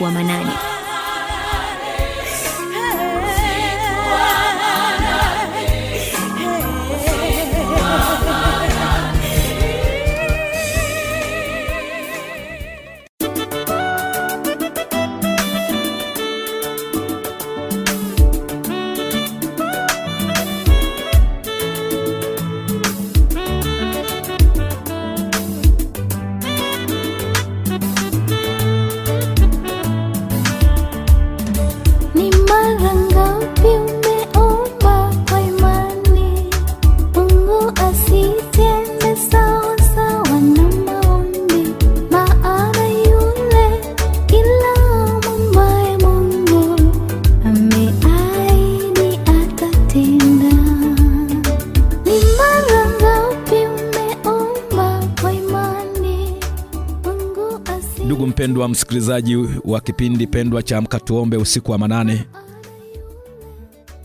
uaminifu wa Manane. msikilizaji wa kipindi pendwa cha mkatuombe usiku wa manane.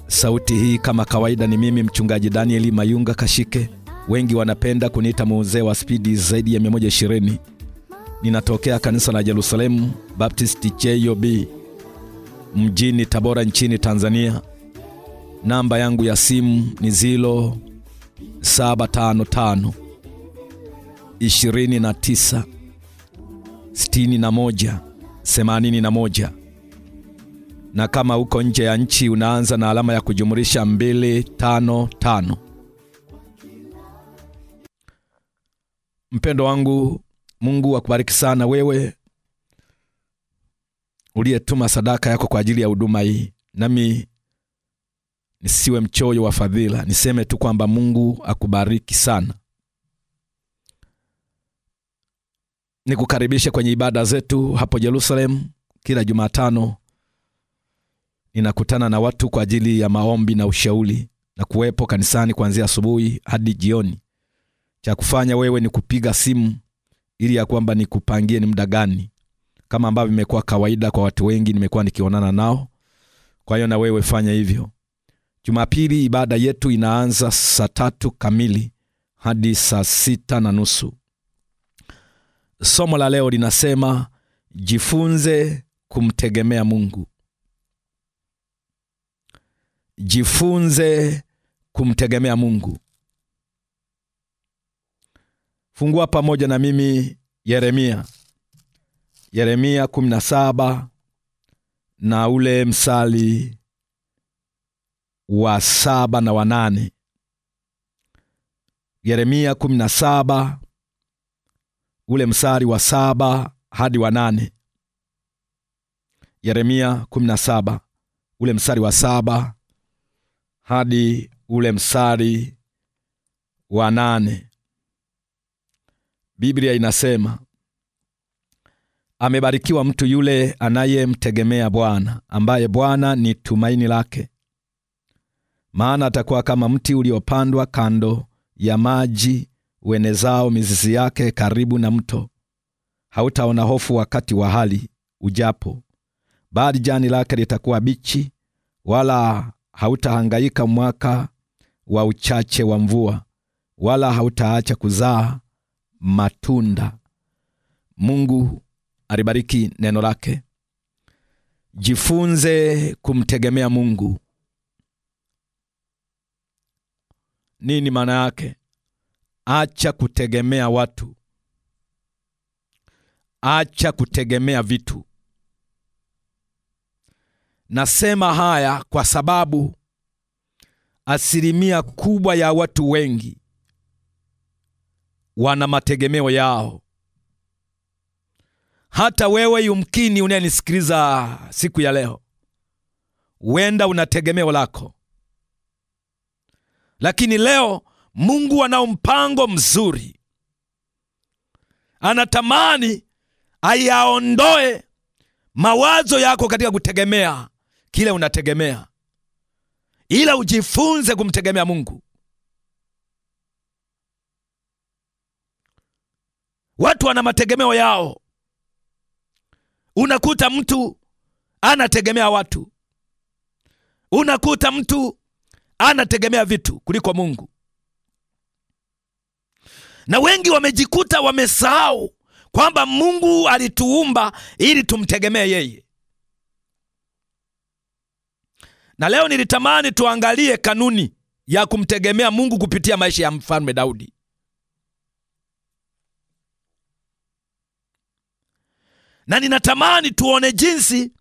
Sauti hii kama kawaida ni mimi mchungaji Danieli Mayunga Kashike. Wengi wanapenda kuniita mzee wa spidi zaidi ya 120. Ninatokea kanisa la Jerusalemu Baptist JOB mjini Tabora nchini Tanzania. Namba yangu ya simu ni zilo 755 29 sitini na moja, themanini na moja. Na kama uko nje ya nchi unaanza na alama ya kujumulisha mbili tano tano. Mpendo wangu, Mungu akubariki sana wewe uliyetuma sadaka yako kwa ajili ya huduma hii, nami nisiwe mchoyo wa fadhila, niseme tu kwamba Mungu akubariki sana. Nikukaribishe kwenye ibada zetu hapo jerusalemu Kila Jumatano ninakutana na watu kwa ajili ya maombi na ushauri na kuwepo kanisani kuanzia asubuhi hadi jioni. Cha kufanya wewe ni kupiga simu ili ya kwamba nikupangie ni muda gani, kama ambavyo imekuwa kawaida kwa watu wengi nimekuwa nikionana nao. Kwa hiyo na wewe fanya hivyo. Jumapili ibada yetu inaanza saa tatu kamili hadi saa sita na nusu. Somo la leo linasema jifunze kumtegemea Mungu. Jifunze kumtegemea Mungu. Fungua pamoja na mimi Yeremia, Yeremia 17 na ule msali wa saba na wanane. Yeremia ule msari wa saba hadi wa nane. Yeremia 17 ule msari wa saba hadi ule msari wa nane. Biblia inasema amebarikiwa mtu yule anayemtegemea Bwana, ambaye Bwana ni tumaini lake. Maana atakuwa kama mti uliopandwa kando ya maji uenezao mizizi yake karibu na mto. Hautaona hofu wakati wa hali ujapo, bali jani lake litakuwa bichi, wala hautahangaika mwaka wa uchache wa mvua, wala hautaacha kuzaa matunda. Mungu alibariki neno lake. Jifunze kumtegemea Mungu. Nini maana yake? Acha kutegemea watu, acha kutegemea vitu. Nasema haya kwa sababu asilimia kubwa ya watu wengi wana mategemeo yao. Hata wewe yumkini unayenisikiliza siku ya leo, wenda una tegemeo lako, lakini leo Mungu anao mpango mzuri, anatamani ayaondoe mawazo yako katika kutegemea kile unategemea, ila ujifunze kumtegemea Mungu. Watu wana mategemeo yao. Unakuta mtu anategemea watu, unakuta mtu anategemea vitu kuliko Mungu na wengi wamejikuta wamesahau kwamba Mungu alituumba ili tumtegemee yeye. Na leo nilitamani tuangalie kanuni ya kumtegemea Mungu kupitia maisha ya mfalme Daudi. Na ninatamani tuone jinsi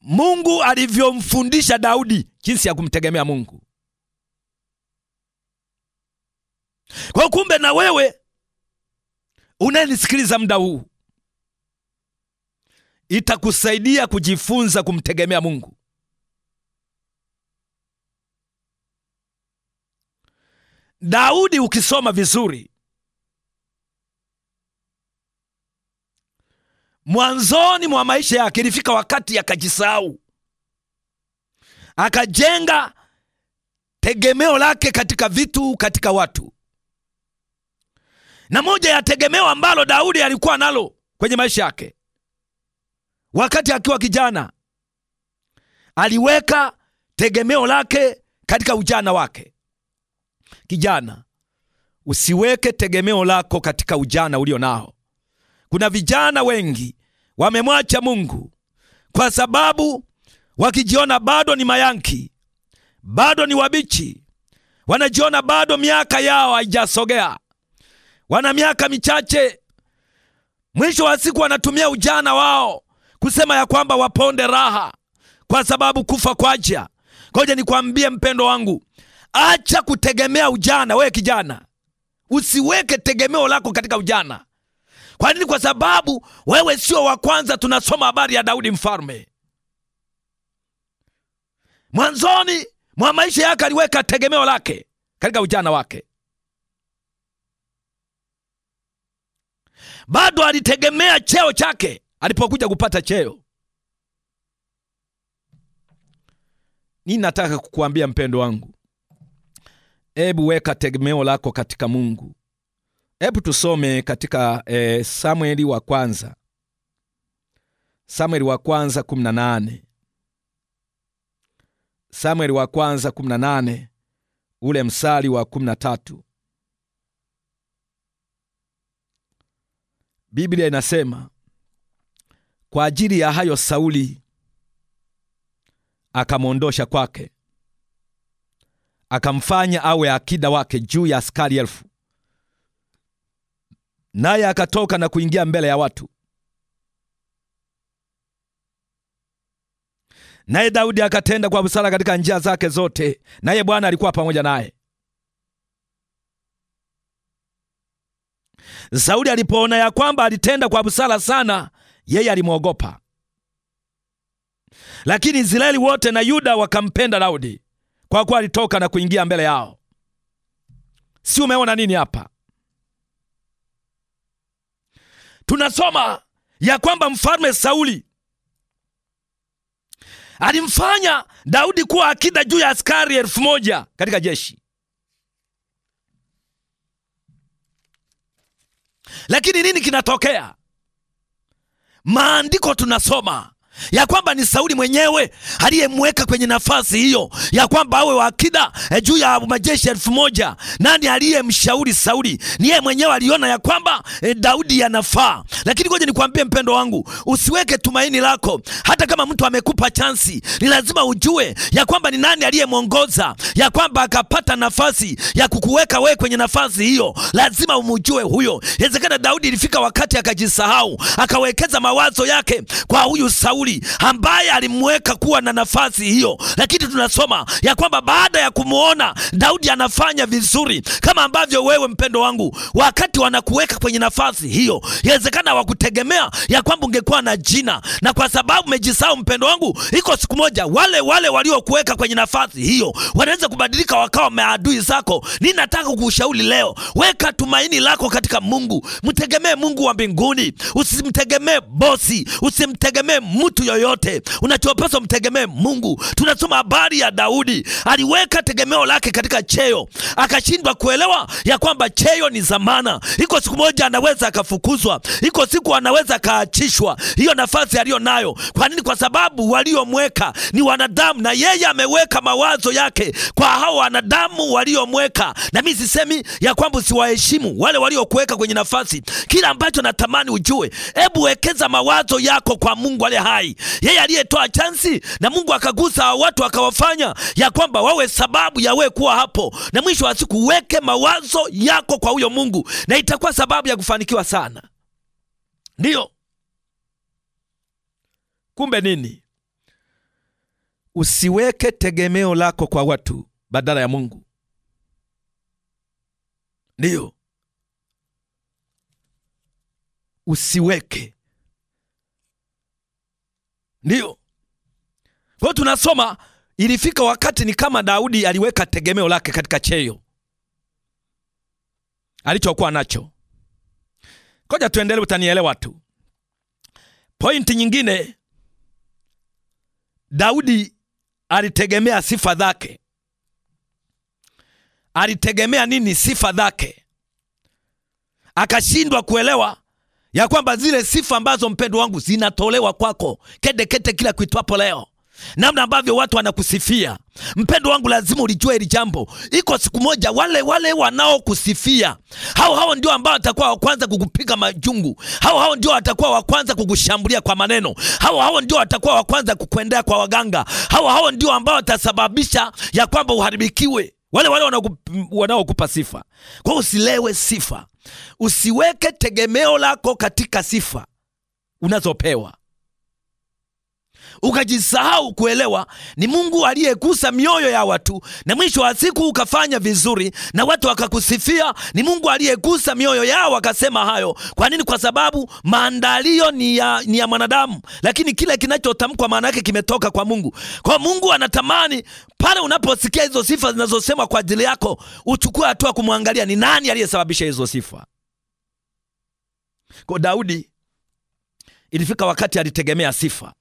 Mungu alivyomfundisha Daudi jinsi ya kumtegemea Mungu. Kwa hiyo kumbe, na wewe unayenisikiliza muda huu, itakusaidia kujifunza kumtegemea Mungu. Daudi ukisoma vizuri mwanzoni mwa maisha yake ilifika wakati akajisahau, akajenga tegemeo lake katika vitu, katika watu na moja ya tegemeo ambalo Daudi alikuwa nalo kwenye maisha yake wakati akiwa kijana, aliweka tegemeo lake katika ujana wake. Kijana, usiweke tegemeo lako katika ujana ulio nao. Kuna vijana wengi wamemwacha Mungu kwa sababu wakijiona bado ni mayanki, bado ni wabichi, wanajiona bado miaka yao haijasogea wana miaka michache. Mwisho wa siku wanatumia ujana wao kusema ya kwamba waponde raha, kwa sababu kufa kwaja. Ngoja nikwambie mpendo wangu, acha kutegemea ujana. Wewe kijana, usiweke tegemeo lako katika ujana. Kwa nini? Kwa sababu wewe sio wa kwanza. Tunasoma habari ya Daudi mfalme, mwanzoni mwa maisha yake aliweka tegemeo lake katika ujana wake. bado alitegemea cheo chake alipokuja kupata cheo. Ni nataka kukuambia mpendo wangu, hebu weka tegemeo lako katika Mungu. Hebu tusome katika e, Samueli wa kwanza, Samueli wa kwanza 18, Samueli wa kwanza 18 ule msali wa 13. Biblia inasema kwa ajili ya hayo Sauli akamwondosha kwake, akamfanya awe akida wake juu ya askari elfu, naye akatoka na kuingia mbele ya watu. Naye Daudi akatenda kwa busara katika njia zake zote, naye Bwana alikuwa pamoja naye. Sauli alipoona ya kwamba alitenda kwa busara sana, yeye alimwogopa. Lakini Israeli wote na Yuda wakampenda Daudi kwa kuwa alitoka na kuingia mbele yao. Si umeona nini hapa? Tunasoma ya kwamba mfalme Sauli alimfanya Daudi kuwa akida juu ya askari elfu moja katika jeshi. Lakini nini kinatokea? Maandiko tunasoma ya kwamba ni Sauli mwenyewe aliyemweka kwenye nafasi hiyo ya kwamba awe wa akida e, juu ya majeshi elfu moja. Nani aliyemshauri Sauli? Ni yeye mwenyewe, aliona ya kwamba e, Daudi yanafaa. Lakini ngoja nikwambie mpendo wangu, usiweke tumaini lako, hata kama mtu amekupa chansi, ni lazima ujue ya kwamba ni nani aliyemwongoza ya kwamba akapata nafasi ya kukuweka wewe kwenye nafasi hiyo, lazima umujue huyo. Inawezekana Daudi ilifika wakati akajisahau, akawekeza mawazo yake kwa huyu Sauli Sauli ambaye alimweka kuwa na nafasi hiyo, lakini tunasoma ya kwamba baada ya kumwona Daudi anafanya vizuri, kama ambavyo wewe mpendo wangu, wakati wanakuweka kwenye nafasi hiyo, inawezekana wakutegemea ya kwamba ungekuwa na jina, na kwa sababu umejisahau, mpendo wangu, iko siku moja wale wale waliokuweka kwenye nafasi hiyo wanaweza kubadilika wakawa maadui zako. ni nataka kukushauri leo, weka tumaini lako katika Mungu, mtegemee Mungu wa mbinguni, usimtegemee bosi, usimtegemee mtu mtu yoyote. Unachopaswa mtegemee Mungu. Tunasoma habari ya Daudi, aliweka tegemeo lake katika cheo, akashindwa kuelewa ya kwamba cheo ni zamana. Iko siku moja anaweza akafukuzwa, iko siku anaweza akaachishwa hiyo nafasi aliyo nayo. Kwa nini? Kwa sababu waliomweka ni wanadamu, na yeye ameweka mawazo yake kwa hao wanadamu waliomweka. Na mi sisemi ya kwamba usiwaheshimu wale waliokuweka kwenye nafasi. Kila ambacho natamani ujue, hebu wekeza mawazo yako kwa Mungu aliye hai hai, yeye aliyetoa chansi na Mungu akagusa watu akawafanya ya kwamba wawe sababu ya wewe kuwa hapo, na mwisho wa siku uweke mawazo yako kwa huyo Mungu, na itakuwa sababu ya kufanikiwa sana. Ndiyo, kumbe nini? Usiweke tegemeo lako kwa watu badala ya Mungu. Ndiyo, usiweke ndio. Kwa tunasoma ilifika wakati ni kama Daudi aliweka tegemeo lake katika cheyo alichokuwa nacho. Koja tuendelee, utanielewa tu. Pointi nyingine, Daudi alitegemea sifa zake. Alitegemea nini? Sifa zake, akashindwa kuelewa ya kwamba zile sifa ambazo mpendo wangu zinatolewa kwako kedekete kila kuitwapo leo namna ambavyo watu wanakusifia mpendo wangu, lazima ulijua hili jambo. Iko siku moja wale wale wanaokusifia hao hao ndio ambao watakuwa wa kwanza kukupiga majungu, hao hao ndio watakuwa wa kwanza kukushambulia kwa maneno, hao hao ndio watakuwa wa kwanza kukuendea kwa waganga, hao hao ndio ambao watasababisha ya kwamba uharibikiwe, wale wale wanaokupa sifa. Kwa hiyo usilewe sifa Usiweke tegemeo lako katika sifa unazopewa ukajisahau kuelewa ni Mungu aliyegusa mioyo ya watu, na mwisho wa siku ukafanya vizuri na watu wakakusifia. Ni Mungu aliyegusa mioyo yao akasema hayo. Kwa nini? Kwa sababu maandalio ni ya, ni ya mwanadamu, lakini kile kinachotamkwa maana yake kimetoka kwa Mungu. Kwa Mungu anatamani pale unaposikia hizo sifa zinazosemwa kwa ajili yako uchukue hatua kumwangalia ni nani aliyesababisha hizo sifa. Kwa Daudi ilifika wakati alitegemea sifa.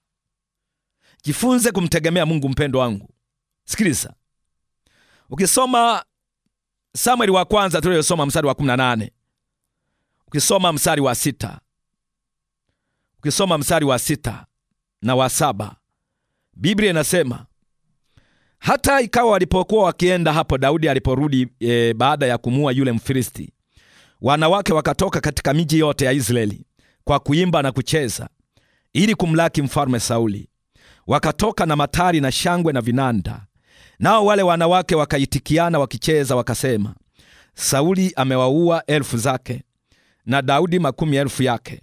Jifunze kumtegemea Mungu, mpendo wangu. Sikiliza, ukisoma Samueli wa kwanza tuliyosoma mstari wa 18, ukisoma mstari wa sita, ukisoma mstari wa sita na wa saba, Biblia inasema hata ikawa walipokuwa wakienda hapo, Daudi aliporudi e, baada ya kumua yule Mfilisti, wanawake wakatoka katika miji yote ya Israeli kwa kuimba na kucheza ili kumlaki mfalme Sauli wakatoka na matari na shangwe na vinanda. Nao wale wanawake wakaitikiana wakicheza, wakasema, Sauli amewaua elfu zake na Daudi makumi elfu yake.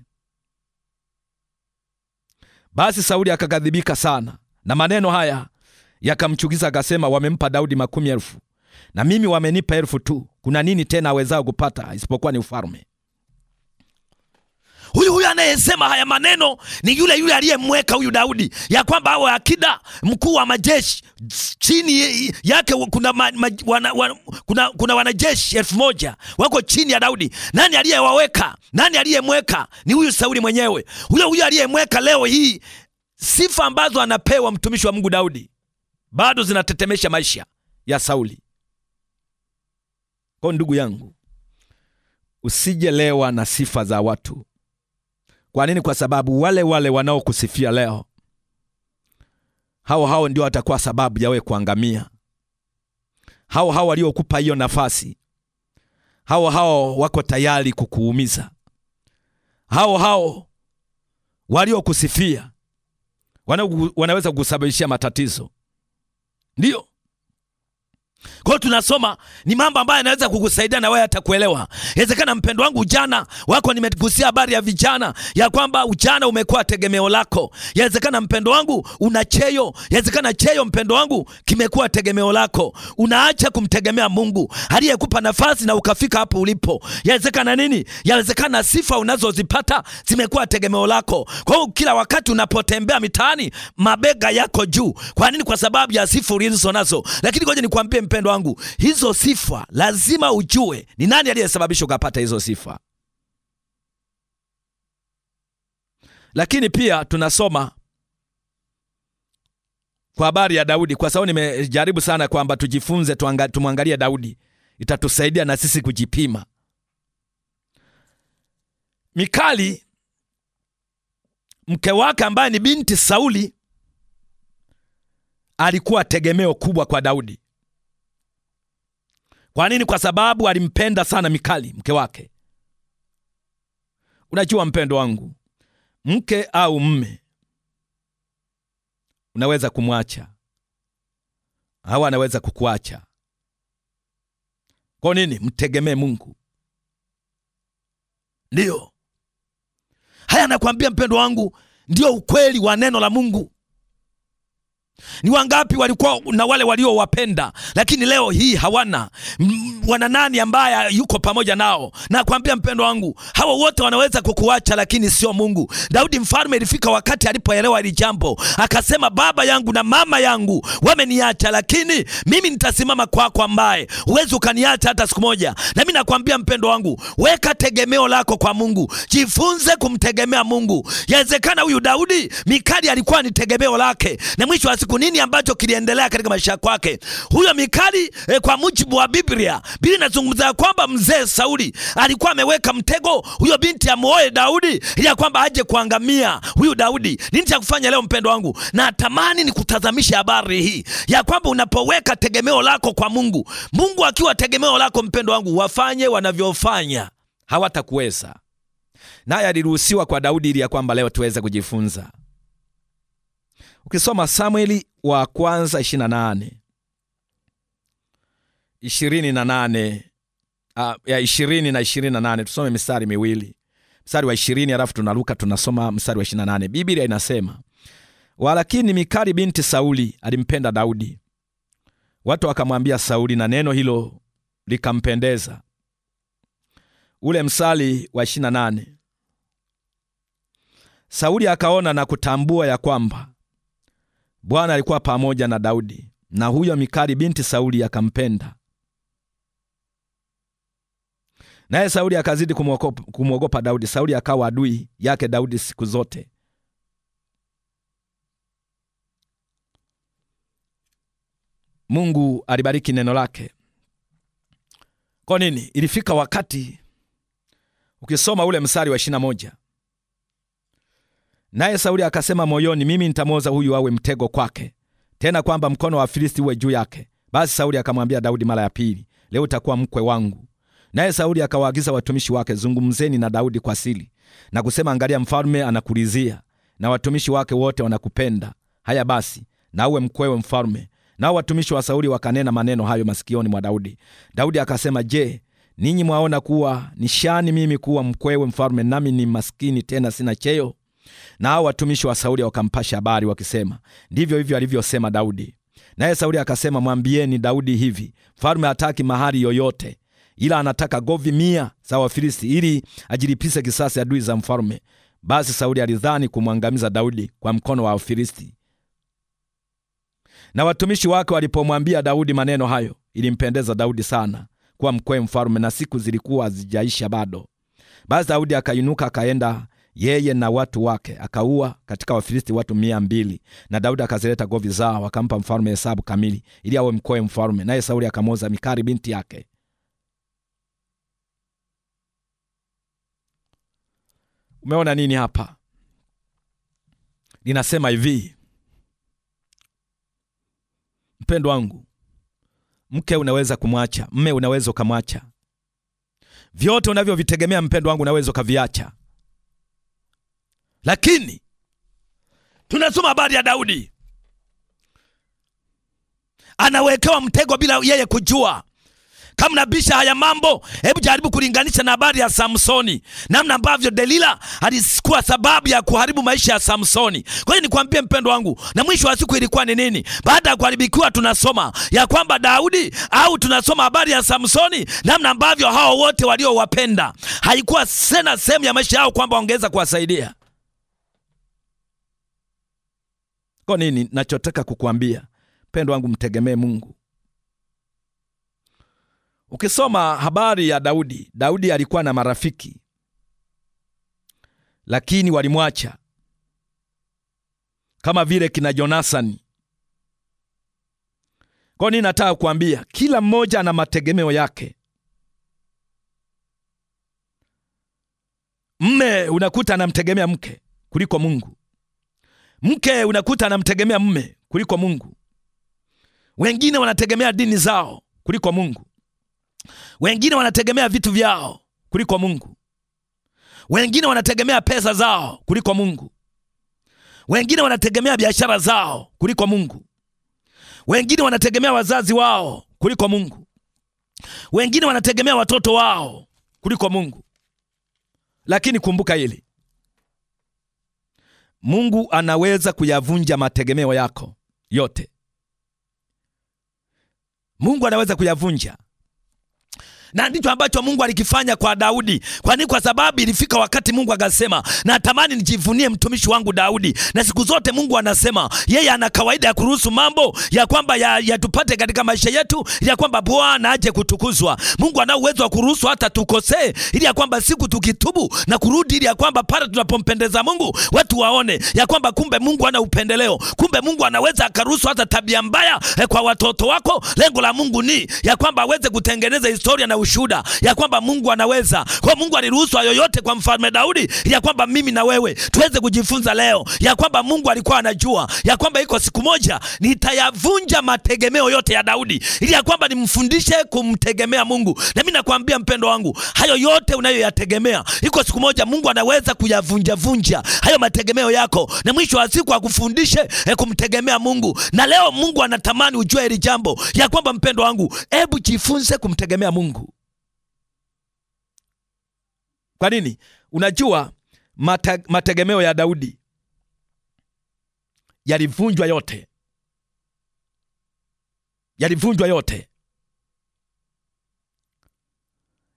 Basi Sauli akaghadhibika sana, na maneno haya yakamchukiza, akasema, wamempa Daudi makumi elfu na mimi wamenipa elfu tu. Kuna nini tena awezao kupata isipokuwa ni ufalme? Huyu huyu anayesema haya maneno ni yule yule aliyemweka huyu Daudi ya kwamba awe akida mkuu wa majeshi, chini yake kuna, ma, ma, wana, wana, kuna, kuna wanajeshi elfu moja wako chini ya Daudi. Nani aliyewaweka? Nani aliyemweka? Ni huyu Sauli mwenyewe, huyo huyo aliyemweka. Leo hii sifa ambazo anapewa mtumishi wa Mungu Daudi bado zinatetemesha maisha ya Sauli. Kwa ndugu yangu, usijelewa na sifa za watu kwa nini? Kwa sababu wale wale wanaokusifia leo, hao hao ndio watakuwa sababu ya wewe kuangamia. Hao hao waliokupa hiyo nafasi, hao hao wako tayari kukuumiza. Hao hao waliokusifia wanaweza kukusababishia matatizo. ndio kwa hiyo tunasoma ni mambo ambayo yanaweza kukusaidia na wewe atakuelewa. Inawezekana mpendo wangu, jana wako nimegusia habari ya vijana ya kwamba ujana umekuwa tegemeo lako. Inawezekana mpendo wangu una cheyo, inawezekana cheyo mpendo wangu kimekuwa tegemeo lako. Unaacha kumtegemea Mungu aliyekupa nafasi na ukafika hapo ulipo. Inawezekana nini? Inawezekana sifa unazozipata zimekuwa tegemeo lako. Kwa hiyo kila wakati unapotembea mitaani mabega yako juu. Kwa nini? Kwa sababu ya sifa ulizonazo. Lakini ngoja nikwambie mpendo wangu, hizo sifa lazima ujue ni nani aliyesababisha ukapata hizo sifa. Lakini pia tunasoma kwa habari ya Daudi, kwa sababu nimejaribu sana kwamba tujifunze, tumwangalie Daudi, itatusaidia na sisi kujipima. Mikali mke wake ambaye ni binti Sauli alikuwa tegemeo kubwa kwa Daudi. Kwa nini? Kwa sababu alimpenda sana Mikali mke wake. Unajua mpendo wangu, mke au mme unaweza kumwacha au anaweza kukuacha. Kwa nini? Mtegemee Mungu. Ndiyo haya nakwambia mpendo wangu, ndio ukweli wa neno la Mungu. Ni wangapi walikuwa na wale waliowapenda, lakini leo hii hawana? Wana nani ambaye yuko pamoja nao? Na kwambia mpendo wangu, hawa wote wanaweza kukuacha, lakini sio Mungu. Daudi mfalme, ilifika wakati alipoelewa hili jambo, akasema, baba yangu na mama yangu wameniacha, lakini mimi nitasimama kwako, ambaye huwezi ukaniacha hata siku moja. Na mimi nakwambia mpendo wangu, weka tegemeo lako kwa Mungu, jifunze kumtegemea Mungu. Yawezekana huyu Daudi, Mikali alikuwa ni tegemeo lake, na mwisho siku nini ambacho kiliendelea katika maisha kwake huyo Mikali. Eh, kwa mujibu wa Biblia, Biblia inazungumza kwamba mzee Sauli alikuwa ameweka mtego huyo binti amuoe Daudi ili ya kwamba aje kuangamia huyu Daudi. Nini cha kufanya leo, mpendo wangu? Na tamani ni kutazamisha habari hii ya kwamba unapoweka tegemeo lako kwa Mungu, Mungu akiwa tegemeo lako, mpendo wangu, wafanye wanavyofanya hawatakuweza. Naye aliruhusiwa kwa Daudi ili ya kwamba leo tuweze kujifunza ukisoma Samueli wa kwanza 28 28 ah, ya 20 na 28, tusome mistari miwili, mstari wa 20 alafu tunaruka tunasoma mstari wa 28. Biblia inasema walakini Mikali binti Sauli alimpenda Daudi, watu wakamwambia Sauli, na neno hilo likampendeza. Ule msali wa 28, Sauli akaona na kutambua ya kwamba Bwana alikuwa pamoja na Daudi, na huyo Mikali binti Sauli akampenda. Naye Sauli akazidi kumwogopa Daudi. Sauli akawa adui yake Daudi siku zote. Mungu alibariki neno lake. Kwa nini? Ilifika wakati ukisoma ule msari wa ishirini na moja Naye Sauli akasema moyoni, mimi nitamwoza huyu awe mtego kwake, tena kwamba mkono wa Filisti uwe juu yake. Basi Sauli akamwambia Daudi mara ya pili, leo utakuwa mkwe wangu. Naye Sauli akawaagiza watumishi wake, zungumzeni na Daudi kwa siri na kusema, angalia, mfalme anakulizia na watumishi wake wote wanakupenda. Haya basi, na uwe mkwewe mfalme. Nao watumishi wa Sauli wakanena maneno hayo masikioni mwa Daudi. Daudi akasema, je, ninyi mwaona kuwa nishani mimi kuwa mkwewe mfalme, nami ni maskini tena sina cheyo na hao watumishi wa Sauli wakampasha habari wakisema, ndivyo hivyo alivyosema Daudi. Naye Sauli akasema, mwambieni Daudi hivi, mfalume hataki mahali yoyote, ila anataka govi mia za Wafilisti ili ajilipise kisasi adui za mfalume Basi Sauli alidhani kumwangamiza Daudi kwa mkono wa Wafilisti. Na watumishi wake walipomwambia Daudi maneno hayo, ilimpendeza Daudi sana kuwa mkwe mfalume na siku zilikuwa zijaisha bado. Basi Daudi akainuka akaenda yeye na watu wake, akaua katika Wafilisti watu mia mbili. Na Daudi akazileta govi zao akampa mfalume hesabu kamili, ili awe mkoe mfalume naye Sauli akamwoza Mikari binti yake. Umeona nini hapa? Linasema hivi, mpendo wangu, mke unaweza kumwacha, mme unaweza ukamwacha, vyote unavyovitegemea mpendo wangu, unaweza ukaviacha lakini tunasoma habari ya Daudi anawekewa mtego bila yeye kujua. Kama nabisha haya mambo, hebu jaribu kulinganisha na habari ya Samsoni, namna ambavyo Delila alikuwa sababu ya kuharibu maisha ya Samsoni. Kwa hiyo nikwambie mpendo wangu, na mwisho wa siku ilikuwa ni nini? Baada ya kuharibikiwa, tunasoma ya kwamba Daudi au tunasoma habari ya Samsoni, namna ambavyo hao wote waliowapenda haikuwa sena sehemu ya maisha yao kwamba wangeweza kuwasaidia. Ko nini nachotaka kukuambia mpendo wangu, mtegemee Mungu. Ukisoma habari ya Daudi, Daudi alikuwa na marafiki lakini walimwacha, kama vile kina Jonasani. Kwa nini nataka kuambia, kila mmoja ana mategemeo yake. Mme unakuta anamtegemea mke kuliko Mungu. Mke unakuta anamtegemea mme kuliko Mungu. Wengine wanategemea dini zao kuliko Mungu. Wengine wanategemea vitu vyao kuliko Mungu. Wengine wanategemea pesa zao kuliko Mungu. Wengine wanategemea biashara zao kuliko Mungu. Wengine wanategemea wazazi wao kuliko Mungu. Wengine wanategemea watoto wao kuliko Mungu. Lakini kumbuka hili, Mungu anaweza kuyavunja mategemeo yako yote. Mungu anaweza kuyavunja na ndicho ambacho Mungu alikifanya kwa Daudi. Kwa nini? Kwa sababu ilifika wakati Mungu akasema, natamani nijivunie mtumishi wangu Daudi. Na siku zote Mungu anasema yeye ana kawaida ya kuruhusu mambo ya kwamba yatupate ya katika maisha yetu, ili ya kwamba Bwana aje kutukuzwa. Mungu ana uwezo wa kuruhusu hata tukosee, ili ya kwamba siku tukitubu na kurudi, ili ya kwamba pale tunapompendeza Mungu watu waone ya kwamba kumbe Mungu ana upendeleo, kumbe Mungu anaweza akaruhusu hata tabia mbaya eh, kwa watoto wako. Lengo la Mungu ni ya kwamba aweze kutengeneza historia na ushuhuda ya kwamba Mungu anaweza. Kwa Mungu aliruhusu yoyote kwa mfalme Daudi, ya kwamba mimi na wewe tuweze kujifunza leo ya kwamba Mungu alikuwa anajua ya kwamba iko siku moja nitayavunja mategemeo yote ya Daudi, ili ya kwamba nimfundishe kumtegemea Mungu. Na mimi nakwambia mpendo wangu, hayo yote unayoyategemea, iko siku moja Mungu anaweza kuyavunja vunja hayo mategemeo yako, na mwisho wa siku akufundishe eh, kumtegemea Mungu. Na leo Mungu anatamani ujue hili jambo ya kwamba mpendo wangu, hebu jifunze kumtegemea Mungu. Kwa nini? Unajua mategemeo ya Daudi yalivunjwa yote, yalivunjwa yote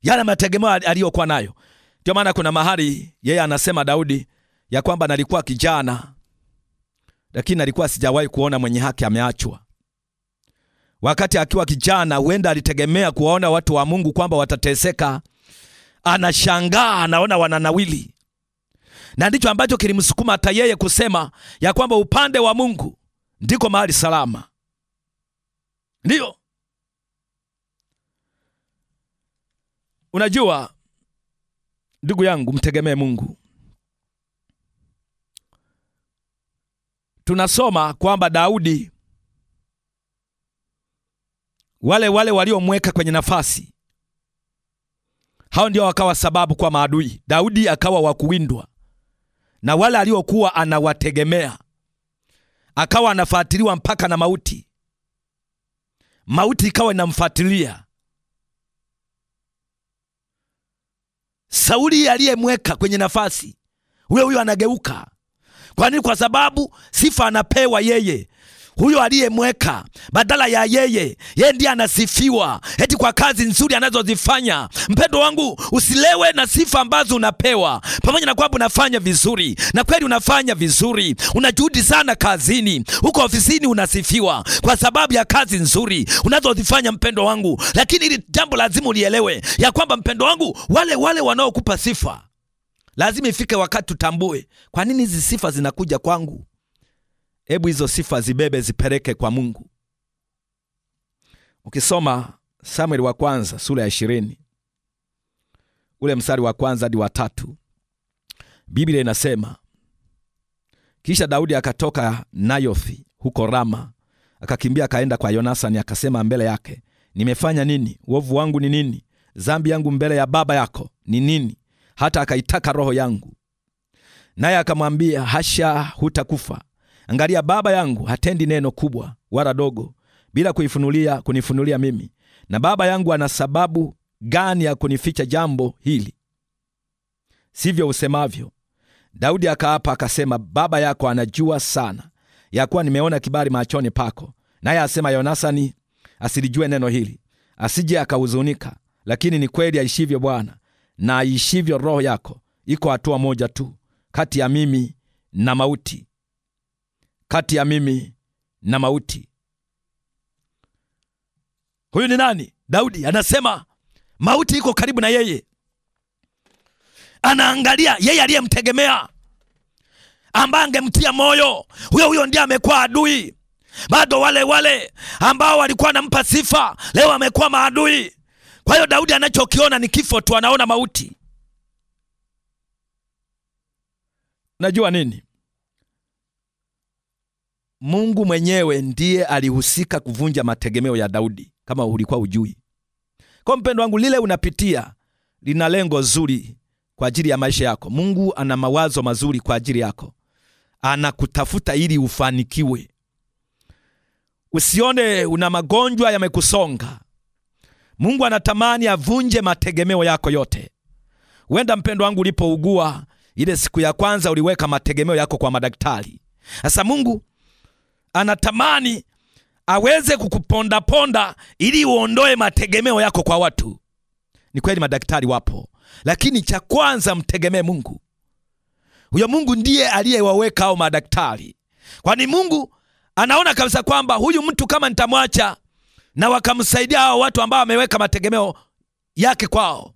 yale mategemeo aliyokuwa nayo. Ndio maana kuna mahali yeye anasema Daudi ya kwamba nalikuwa kijana, lakini alikuwa sijawahi kuona mwenye haki ameachwa. Wakati akiwa kijana, huenda alitegemea kuwaona watu wa Mungu kwamba watateseka anashangaa, anaona wananawili, na ndicho ambacho kilimsukuma hata yeye kusema ya kwamba upande wa Mungu ndiko mahali salama. Ndiyo, unajua ndugu yangu, mtegemee Mungu. Tunasoma kwamba Daudi wale wale waliomweka kwenye nafasi hao ndio wakawa sababu kwa maadui. Daudi akawa wa kuwindwa na wale aliokuwa anawategemea, akawa anafuatiliwa mpaka na mauti. Mauti ikawa inamfuatilia. Sauli aliyemweka kwenye nafasi huyo huyo anageuka. Kwa nini? Kwa sababu sifa anapewa yeye, huyo aliyemweka, badala ya yeye, yeye ndiye anasifiwa eti kwa kazi nzuri anazozifanya. Mpendo wangu, usilewe na sifa ambazo unapewa, pamoja na kwamba unafanya vizuri, na kweli unafanya vizuri, una juhudi sana kazini, huko ofisini unasifiwa kwa sababu ya kazi nzuri unazozifanya, mpendo wangu. Lakini hili jambo lazima ulielewe ya kwamba, mpendo wangu, wale wale wanaokupa sifa lazima ifike wakati tutambue kwa nini hizi sifa zinakuja kwangu. Hebu hizo sifa zibebe, zipeleke kwa Mungu. Ukisoma Samueli wa kwanza sura ya ishirini ule msari wa kwanza hadi wa tatu Biblia inasema kisha Daudi akatoka Nayothi huko Rama, akakimbia akaenda kwa Yonasani akasema mbele yake, nimefanya nini? Uovu wangu ni nini? zambi yangu mbele ya baba yako ni nini, hata akaitaka roho yangu? Naye akamwambia, hasha, hutakufa. Angalia, Baba yangu hatendi neno kubwa wala dogo bila kuifunulia kunifunulia mimi. Na Baba yangu ana sababu gani ya kunificha jambo hili? Sivyo usemavyo. Daudi akaapa akasema, Baba yako anajua sana ya kuwa nimeona kibali machoni pako, naye asema Yonasani asilijue neno hili, asije akahuzunika. Lakini ni kweli aishivyo Bwana na aishivyo roho yako, iko hatua moja tu kati ya mimi na mauti, kati ya mimi na mauti. Huyu ni nani? Daudi anasema mauti iko karibu na yeye, anaangalia yeye aliyemtegemea, ambaye angemtia moyo, huyo huyo ndiye amekuwa adui. Bado wale wale ambao walikuwa nampa sifa, leo wamekuwa maadui. Kwa hiyo Daudi anachokiona ni kifo tu, anaona mauti. Najua nini Mungu mwenyewe ndiye alihusika kuvunja mategemeo ya Daudi, kama ulikuwa ujui. Kwa mpendo wangu, lile unapitia lina lengo zuri kwa ajili ya maisha yako. Mungu ana mawazo mazuri kwa ajili yako, anakutafuta ili ufanikiwe. Usione una magonjwa yamekusonga. Mungu anatamani avunje mategemeo yako yote. Wenda mpendo wangu, ulipougua ile siku ya kwanza uliweka mategemeo yako kwa madaktari. Sasa Mungu anatamani aweze kukupondaponda ili uondoe mategemeo yako kwa watu. Ni kweli madaktari wapo, lakini cha kwanza mtegemee Mungu. Huyo Mungu ndiye aliyewaweka hao madaktari, kwani Mungu anaona kabisa kwamba huyu mtu kama nitamwacha na wakamsaidia hao watu ambao wameweka mategemeo yake kwao,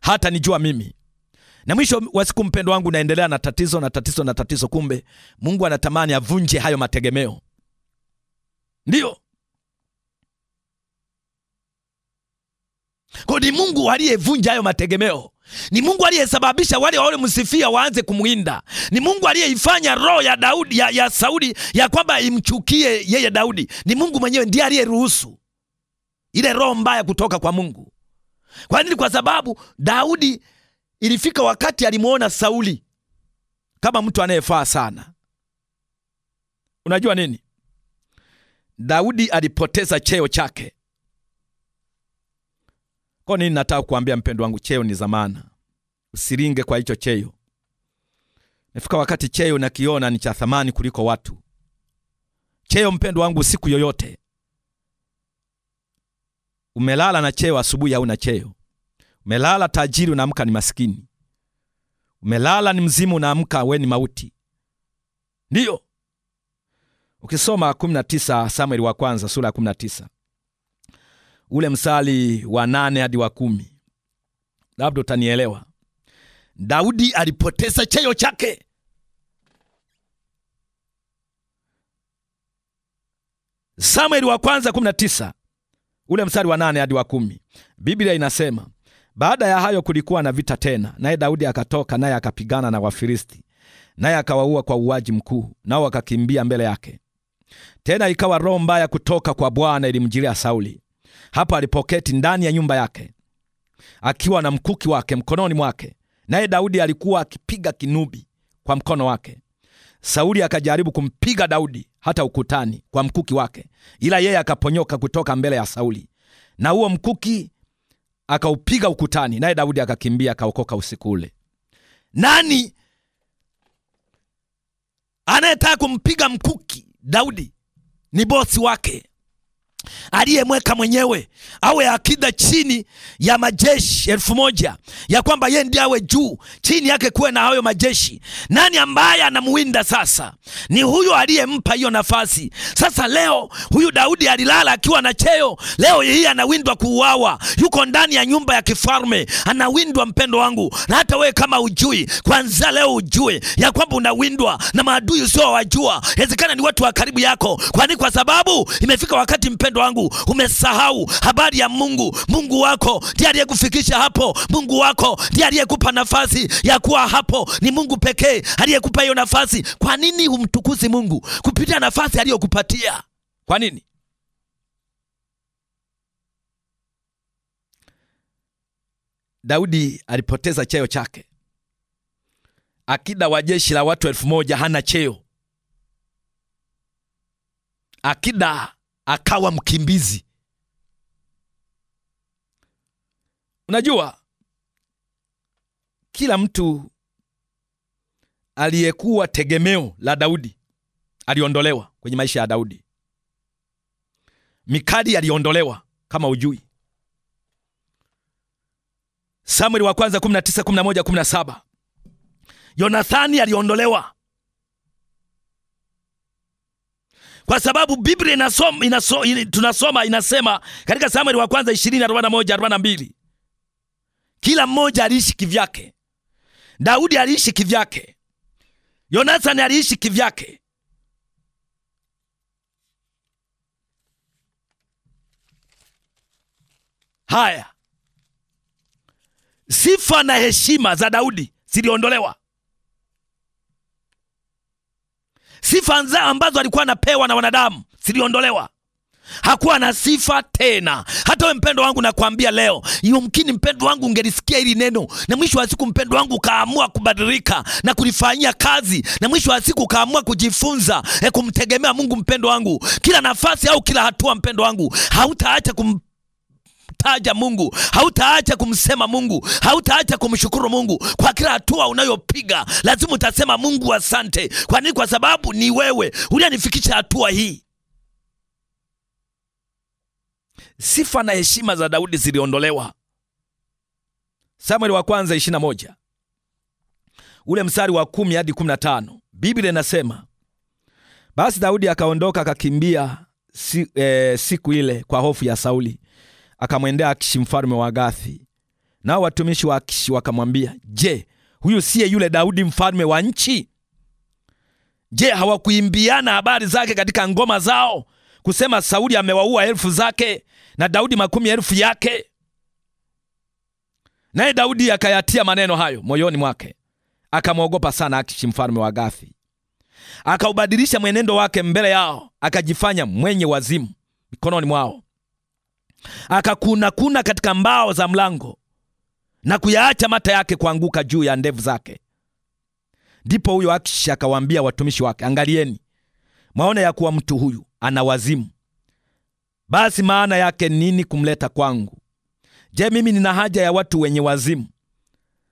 hata nijua mimi na mwisho wa siku, mpendo wangu, naendelea na tatizo na tatizo na tatizo. Kumbe Mungu anatamani avunje hayo mategemeo. Ndiyo, ko ni Mungu aliyevunja hayo mategemeo. Ni Mungu aliyesababisha wale waole msifia waanze kumwinda. Ni Mungu aliyeifanya roho ya Daudi ya, ya Sauli ya kwamba imchukie yeye Daudi. Ni Mungu mwenyewe ndiye aliyeruhusu ile roho mbaya kutoka kwa Mungu. Kwa nini? Kwa sababu Daudi ilifika wakati alimwona Sauli kama mtu anayefaa sana. Unajua nini? Daudi alipoteza cheo chake. Kwa nini nataka kuambia mpendo wangu, cheo ni zamana, usiringe kwa hicho cheo. Nafika wakati cheo nakiona ni cha thamani kuliko watu. Cheo mpendo wangu, siku yoyote umelala na cheo, asubuhi hauna cheo. Umelala tajiri, unaamka ni maskini. Umelala ni mzimu, unaamka we ni mauti. Ndiyo, Ukisoma 19 Samueli wa kwanza sura ya 19 ule msali wa nane hadi wa kumi labda utanielewa. Daudi alipoteza cheyo chake, Samueli wa kwanza 19 ule msali wa nane hadi wa kumi. Biblia inasema baada ya hayo kulikuwa na vita tena, naye Daudi akatoka, naye akapigana na Wafilisti, naye akawaua kwa uwaji mkuu, nao wakakimbia mbele yake. Tena ikawa roho mbaya kutoka kwa Bwana ilimjilia Sauli hapo alipoketi ndani ya nyumba yake akiwa na mkuki wake mkononi mwake, naye Daudi alikuwa akipiga kinubi kwa mkono wake. Sauli akajaribu kumpiga Daudi hata ukutani kwa mkuki wake, ila yeye akaponyoka kutoka mbele ya Sauli, na huo mkuki akaupiga ukutani, naye Daudi akakimbia akaokoka usiku ule. Nani anayetaka kumpiga mkuki Daudi ni bosi wake, aliyemweka mwenyewe awe akida chini ya majeshi elfu moja ya kwamba yeye ndiye awe juu, chini yake kuwe na hayo majeshi. Nani ambaye anamwinda sasa? Ni huyu aliyempa hiyo nafasi. Sasa leo huyu Daudi alilala akiwa na cheo, leo hii anawindwa kuuawa, yuko ndani ya nyumba ya kifalme anawindwa. Mpendo wangu, na hata wewe kama ujui, kwanza leo ujue ya kwamba unawindwa na maadui usio wajua. Inawezekana ni watu wa karibu yako, kwani kwa sababu imefika wakati mpendo mpendo wangu, umesahau habari ya Mungu. Mungu wako ndiye aliyekufikisha hapo. Mungu wako ndiye aliyekupa nafasi ya kuwa hapo. Ni Mungu pekee aliyekupa hiyo nafasi. Kwa nini humtukuzi Mungu kupita nafasi aliyokupatia? Kwa nini? Daudi alipoteza cheo chake. Akida wa jeshi la watu elfu moja hana cheo. Akida akawa mkimbizi. Unajua, kila mtu aliyekuwa tegemeo la Daudi aliondolewa kwenye maisha ya Daudi. Mikali aliondolewa kama ujui. Samueli wa kwanza 19 11 17. Yonathani aliondolewa kwa sababu Biblia inasoma, inasoma, tunasoma inasema katika Samueli wa kwanza 20:41-42 kila mmoja aliishi kivyake. Daudi aliishi kivyake, Yonathani aliishi kivyake. Haya, sifa na heshima za Daudi ziliondolewa. Sifa nzaa ambazo alikuwa anapewa na wanadamu ziliondolewa, hakuwa na sifa tena. Hata we mpendo wangu, nakwambia leo, yumkini mpendo wangu ungelisikia hili neno, na mwisho wa siku mpendo wangu ukaamua kubadilika na kulifanyia kazi, na mwisho wa siku ukaamua kujifunza e, kumtegemea Mungu. Mpendo wangu, kila nafasi au kila hatua, mpendo wangu, hautaacha kum kumtaja Mungu, hautaacha kumsema Mungu, hautaacha kumshukuru Mungu. Kwa kila hatua unayopiga lazima utasema Mungu asante. Kwa nini? Kwa sababu ni wewe ulianifikisha hatua hii. Sifa na heshima za Daudi ziliondolewa. Samueli wa kwanza moja ule mstari wa kumi hadi kumi na tano Biblia inasema basi Daudi akaondoka akakimbia si, eh, siku ile kwa hofu ya Sauli akamwendea Akishi mfalme wa Gathi. Nao watumishi wa Akishi wakamwambia, je, huyu siye yule Daudi mfalme wa nchi? Je, hawakuimbiana habari zake katika ngoma zao kusema, Sauli amewaua elfu zake na Daudi makumi elfu yake? Naye Daudi akayatia maneno hayo moyoni mwake, akamwogopa sana Akishi mfalme wa Gathi. Akaubadilisha mwenendo wake mbele yao, akajifanya mwenye wazimu mikononi mwao, akakunakuna katika mbao za mlango na kuyaacha mata yake kuanguka juu ya ndevu zake. Ndipo huyo Akishi akawaambia watumishi wake, angalieni, mwaona ya kuwa mtu huyu ana wazimu. Basi maana yake nini kumleta kwangu? Je, mimi nina haja ya watu wenye wazimu,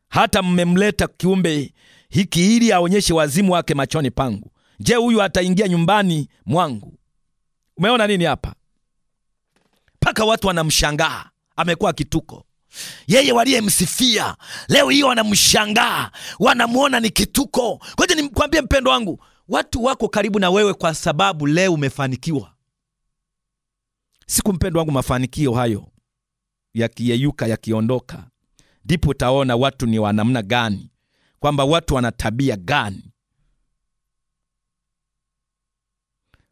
hata mmemleta kiumbe hiki ili aonyeshe wazimu wake machoni pangu? Je, huyu ataingia nyumbani mwangu? Umeona nini hapa? mpaka watu wanamshangaa, amekuwa kituko yeye waliyemsifia leo hiyo wanamshangaa, wanamwona ni kituko. Ngoja nikwambie mpendo wangu, watu wako karibu na wewe kwa sababu leo umefanikiwa. Siku mpendo wangu, mafanikio hayo yakiyeyuka, yakiondoka, ndipo utaona watu ni wa namna gani, kwamba watu wana tabia gani,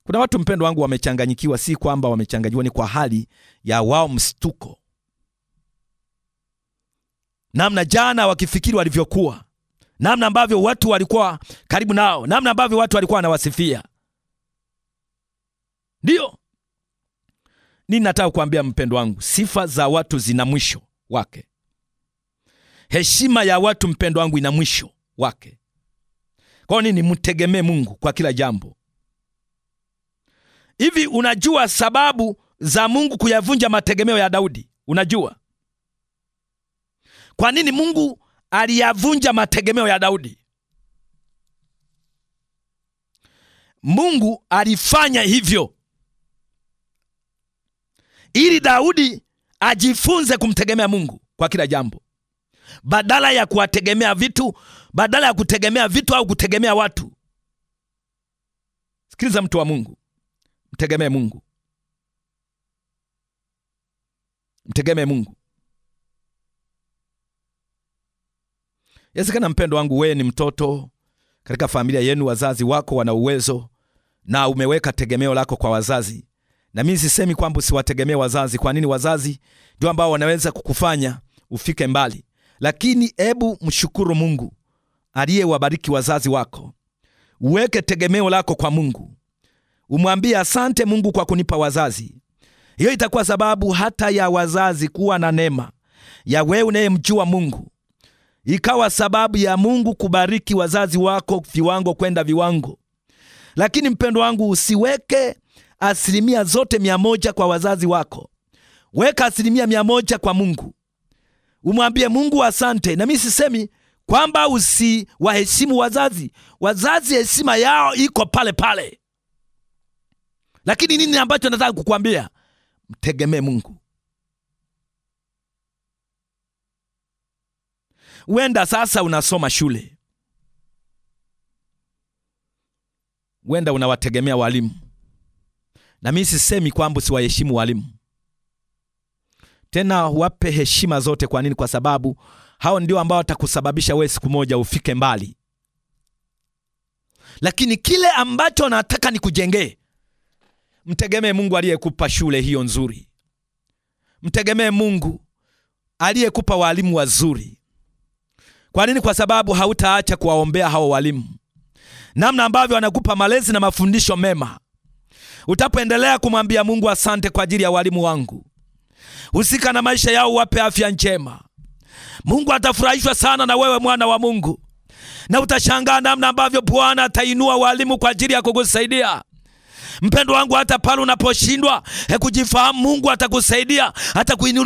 Kuna watu mpendo wangu wamechanganyikiwa, si kwamba wamechanganyikiwa, ni kwa hali ya wao mstuko, namna jana wakifikiri walivyokuwa, namna ambavyo watu walikuwa karibu nao, namna ambavyo watu walikuwa wanawasifia. Ndiyo nini nataka kuambia mpendo wangu, sifa za watu zina mwisho wake. Heshima ya watu mpendo wangu ina mwisho wake. kwao nini mtegemee Mungu kwa kila jambo? Hivi unajua sababu za Mungu kuyavunja mategemeo ya Daudi? Unajua kwa nini Mungu aliyavunja mategemeo ya Daudi? Mungu alifanya hivyo ili Daudi ajifunze kumtegemea Mungu kwa kila jambo, badala ya kuwategemea vitu, badala ya kutegemea vitu au kutegemea watu. Sikiliza mtu wa Mungu, mtegemee Mungu, mtegemee Mungu. Yawezekana mpendo wangu, wewe ni mtoto katika familia yenu, wazazi wako wana uwezo na umeweka tegemeo lako kwa wazazi. Na mimi sisemi kwamba usiwategemee wazazi. Kwa nini? Wazazi ndio ambao wanaweza kukufanya ufike mbali, lakini ebu mshukuru Mungu aliyewabariki wazazi wako. Uweke tegemeo lako kwa Mungu umwambie asante Mungu kwa kunipa wazazi. Hiyo itakuwa sababu hata ya wazazi kuwa na neema ya wewe unayemjua Mungu, ikawa sababu ya Mungu kubariki wazazi wako viwango kwenda viwango. Lakini mpendo wangu, usiweke asilimia zote mia moja kwa wazazi wako. Weka asilimia mia moja kwa Mungu, umwambie Mungu asante. Na mimi sisemi kwamba usiwaheshimu wazazi. Wazazi heshima yao iko pale pale, lakini nini ambacho nataka kukwambia, mtegemee Mungu. Wenda sasa unasoma shule, wenda unawategemea walimu, na mimi sisemi kwamba siwaheshimu walimu, tena wape heshima zote. Kwa nini? Kwa sababu hao ndio ambao watakusababisha wewe siku moja ufike mbali. Lakini kile ambacho nataka nikujengee Mtegemee Mungu aliyekupa shule hiyo nzuri, mtegemee Mungu aliyekupa walimu wazuri. Kwa nini? Kwa sababu hautaacha kuwaombea hao walimu, namna ambavyo anakupa malezi na mafundisho mema. Utapoendelea kumwambia Mungu, asante kwa ajili ya walimu wangu, husika na maisha yao, wape afya njema. Mungu atafurahishwa sana na wewe, mwana wa Mungu, na utashangaa namna ambavyo Bwana atainua walimu kwa ajili ya kukusaidia. Mpendo wangu, hata pale unaposhindwa eh, kujifahamu, Mungu atakusaidia,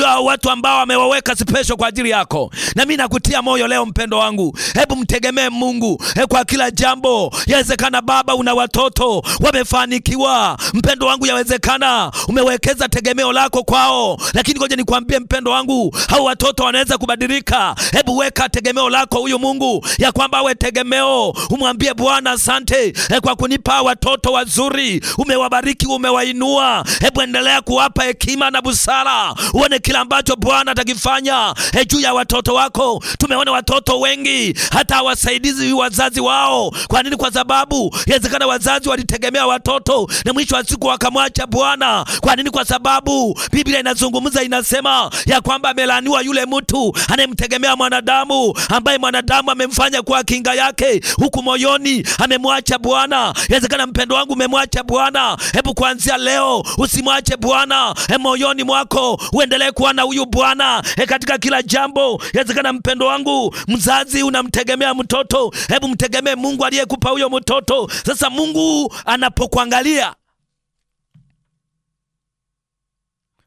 hao watu ambao amewaweka special kwa ajili yako. Na mimi nakutia moyo leo mpendo wangu, hebu mtegemee Mungu eh, kwa kila jambo. Yawezekana baba, una watoto wamefanikiwa. Mpendo wangu, yawezekana umewekeza tegemeo lako kwao, lakini ngoja nikwambie mpendo wangu, hao watoto wanaweza kubadilika. Hebu weka tegemeo lako huyu Mungu, ya kwamba awe tegemeo. Umwambie Bwana, asante eh, kwa kunipa watoto wazuri umewabariki, umewainua. Hebu endelea kuwapa hekima na busara, uone kila ambacho Bwana atakifanya juu ya watoto wako. Tumeona watoto wengi hata hawasaidizi wazazi wao. Kwa nini? Kwa sababu inawezekana wazazi walitegemea watoto na mwisho wa siku wakamwacha Bwana. Kwa nini? Kwa sababu Biblia inazungumza, inasema ya kwamba amelaniwa yule mtu anayemtegemea mwanadamu, ambaye mwanadamu amemfanya kuwa kinga yake, huku moyoni amemwacha Bwana. Inawezekana mpendo wangu umemwacha Bwana. Bwana. Hebu kuanzia leo usimwache Bwana eh, moyoni mwako, uendelee kuwa na huyu Bwana eh, katika kila jambo. Yawezekana mpendo wangu, mzazi unamtegemea mtoto, hebu mtegemee Mungu aliyekupa huyo mtoto. Sasa Mungu anapokuangalia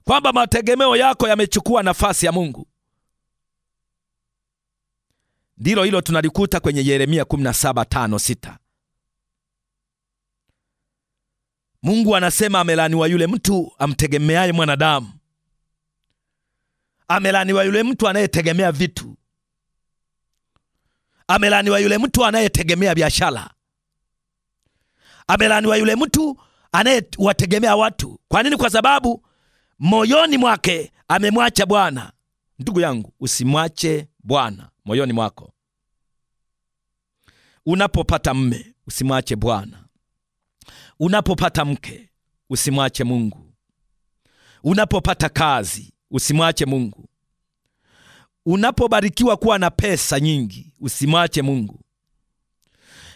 kwamba mategemeo yako yamechukua nafasi ya Mungu, ndilo hilo tunalikuta kwenye Yeremia 17:5 6 Mungu anasema amelaniwa yule mtu amtegemeaye mwanadamu, amelaniwa yule mtu anayetegemea vitu, amelaniwa yule mtu anayetegemea biashara, amelaniwa yule mtu anayewategemea watu. Kwa nini? Kwa sababu moyoni mwake amemwacha Bwana. Ndugu yangu, usimwache Bwana moyoni mwako. Unapopata mme, usimwache Bwana. Unapopata mke usimwache Mungu. Unapopata kazi usimwache Mungu. Unapobarikiwa kuwa na pesa nyingi usimwache Mungu.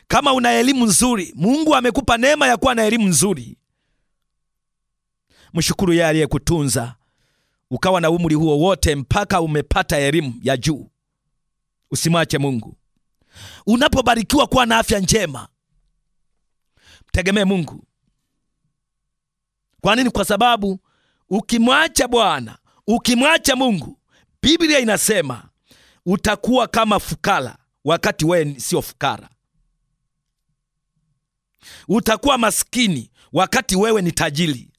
Kama una elimu nzuri, Mungu amekupa neema ya kuwa na elimu nzuri, mshukuru yeye aliyekutunza ukawa na umri huo wote mpaka umepata elimu ya juu. Usimwache Mungu. Unapobarikiwa kuwa na afya njema, Tegemee Mungu. Kwa nini? Kwa sababu ukimwacha Bwana, ukimwacha Mungu, Biblia inasema utakuwa kama fukara, wakati wewe sio fukara. Utakuwa maskini wakati wewe ni tajiri.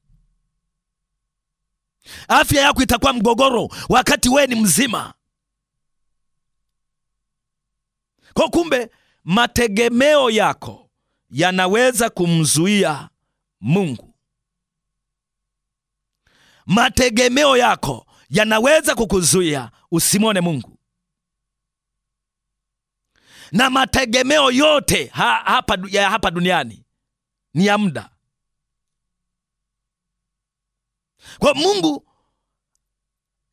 Afya yako itakuwa mgogoro wakati wewe ni mzima. Kwa kumbe, mategemeo yako yanaweza kumzuia Mungu. Mategemeo yako yanaweza kukuzuia usimwone Mungu, na mategemeo yote ha, hapa, ya hapa duniani ni ya muda. Kwa Mungu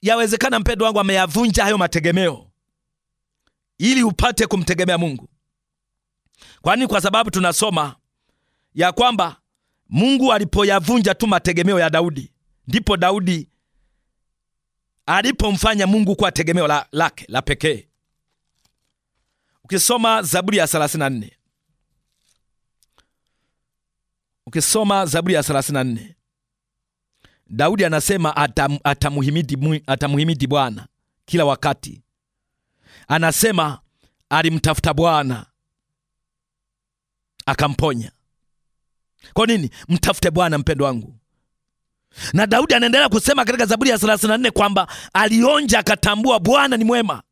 yawezekana, mpendo wangu, ameyavunja hayo mategemeo ili upate kumtegemea Mungu. Kwani kwa sababu tunasoma ya kwamba Mungu alipoyavunja tu mategemeo ya Daudi, ndipo Daudi alipomfanya Mungu kuwa tegemeo la, lake la pekee. Ukisoma Zaburi ya 34 ukisoma Zaburi ya 34 Daudi anasema atam, atamuhimidi, atamuhimidi Bwana kila wakati. Anasema alimtafuta Bwana akamponya. Kwa nini? Mtafute Bwana mpendo wangu. Na Daudi anaendelea kusema katika Zaburi ya 34 kwamba alionja akatambua Bwana ni mwema,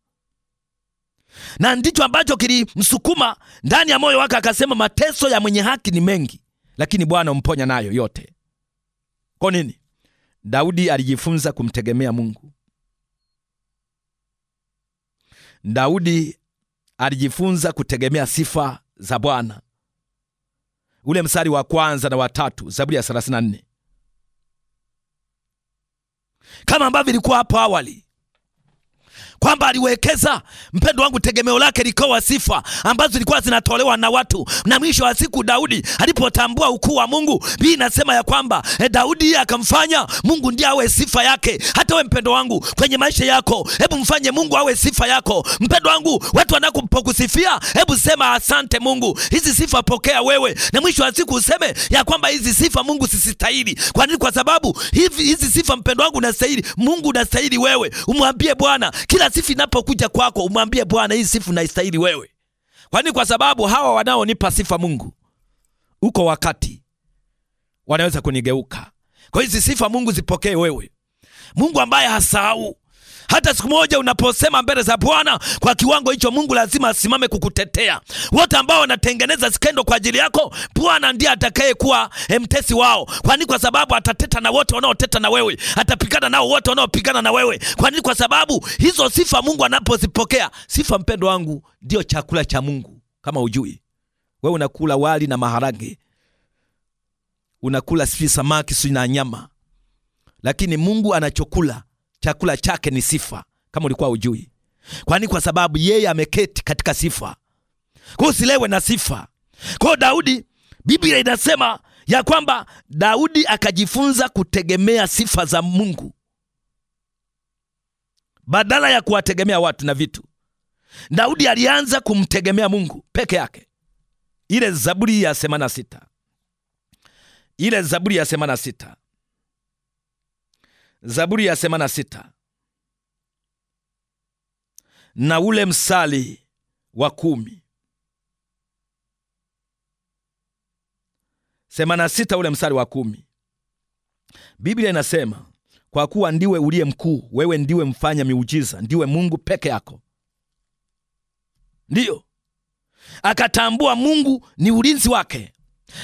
na ndicho ambacho kilimsukuma ndani ya moyo wake, akasema mateso ya mwenye haki ni mengi, lakini Bwana umponya nayo yote. Kwa nini? Daudi alijifunza kumtegemea Mungu. Daudi alijifunza kutegemea sifa za Bwana ule msari wa kwanza na watatu Zaburi ya 34 kama ambavyo ilikuwa hapo awali kwamba aliwekeza mpendo wangu, tegemeo lake likawa sifa ambazo zilikuwa zinatolewa na watu, na mwisho wa siku Daudi alipotambua ukuu wa Mungu, Biblia inasema ya kwamba e, Daudi akamfanya Mungu ndiye awe sifa yake. Hata wewe mpendo wangu, kwenye maisha yako, hebu mfanye Mungu awe sifa yako. Mpendo wangu, watu wanakupokusifia, hebu sema asante Mungu, hizi sifa pokea wewe, na mwisho wa siku useme ya kwamba hizi sifa Mungu sisitahili. Kwa nini? Kwa sababu hivi hizi sifa mpendo wangu unastahili Mungu, unastahili wewe, umwambie Bwana kila sifa inapokuja kwako, umwambie Bwana, hii sifa naistahili wewe, kwani kwa sababu hawa wanaonipa sifa Mungu, uko wakati wanaweza kunigeuka. Kwa hizi sifa Mungu zipokee wewe, Mungu ambaye hasahau hata siku moja unaposema mbele za Bwana kwa kiwango hicho, Mungu lazima asimame kukutetea. Wote ambao wanatengeneza skendo kwa ajili yako, Bwana ndiye atakayekuwa eh, mtesi wao. Kwani kwa sababu atateta na wote wanaoteta na wewe, atapigana nao wote wanaopigana na wewe. Kwani kwa sababu hizo sifa Mungu anapozipokea, sifa, mpendo wangu, ndio chakula cha Mungu. Kama ujui wewe, unakula wali na maharage, unakula sifi samaki sijui na nyama, lakini Mungu anachokula chakula chake ni sifa, kama ulikuwa ujui, kwani kwa sababu yeye ameketi katika sifa. Kwa usilewe na sifa. Kwa Daudi, Biblia inasema ya kwamba Daudi akajifunza kutegemea sifa za Mungu badala ya kuwategemea watu na vitu. Daudi alianza kumtegemea Mungu peke yake. Ile Zaburi ya 86 ile Zaburi ya 86 Zaburi ya semana sita na ule msali wa kumi. semana sita ule msali wa kumi, Biblia inasema kwa kuwa ndiwe uliye mkuu, wewe ndiwe mfanya miujiza, ndiwe Mungu peke yako. Ndiyo akatambua Mungu ni ulinzi wake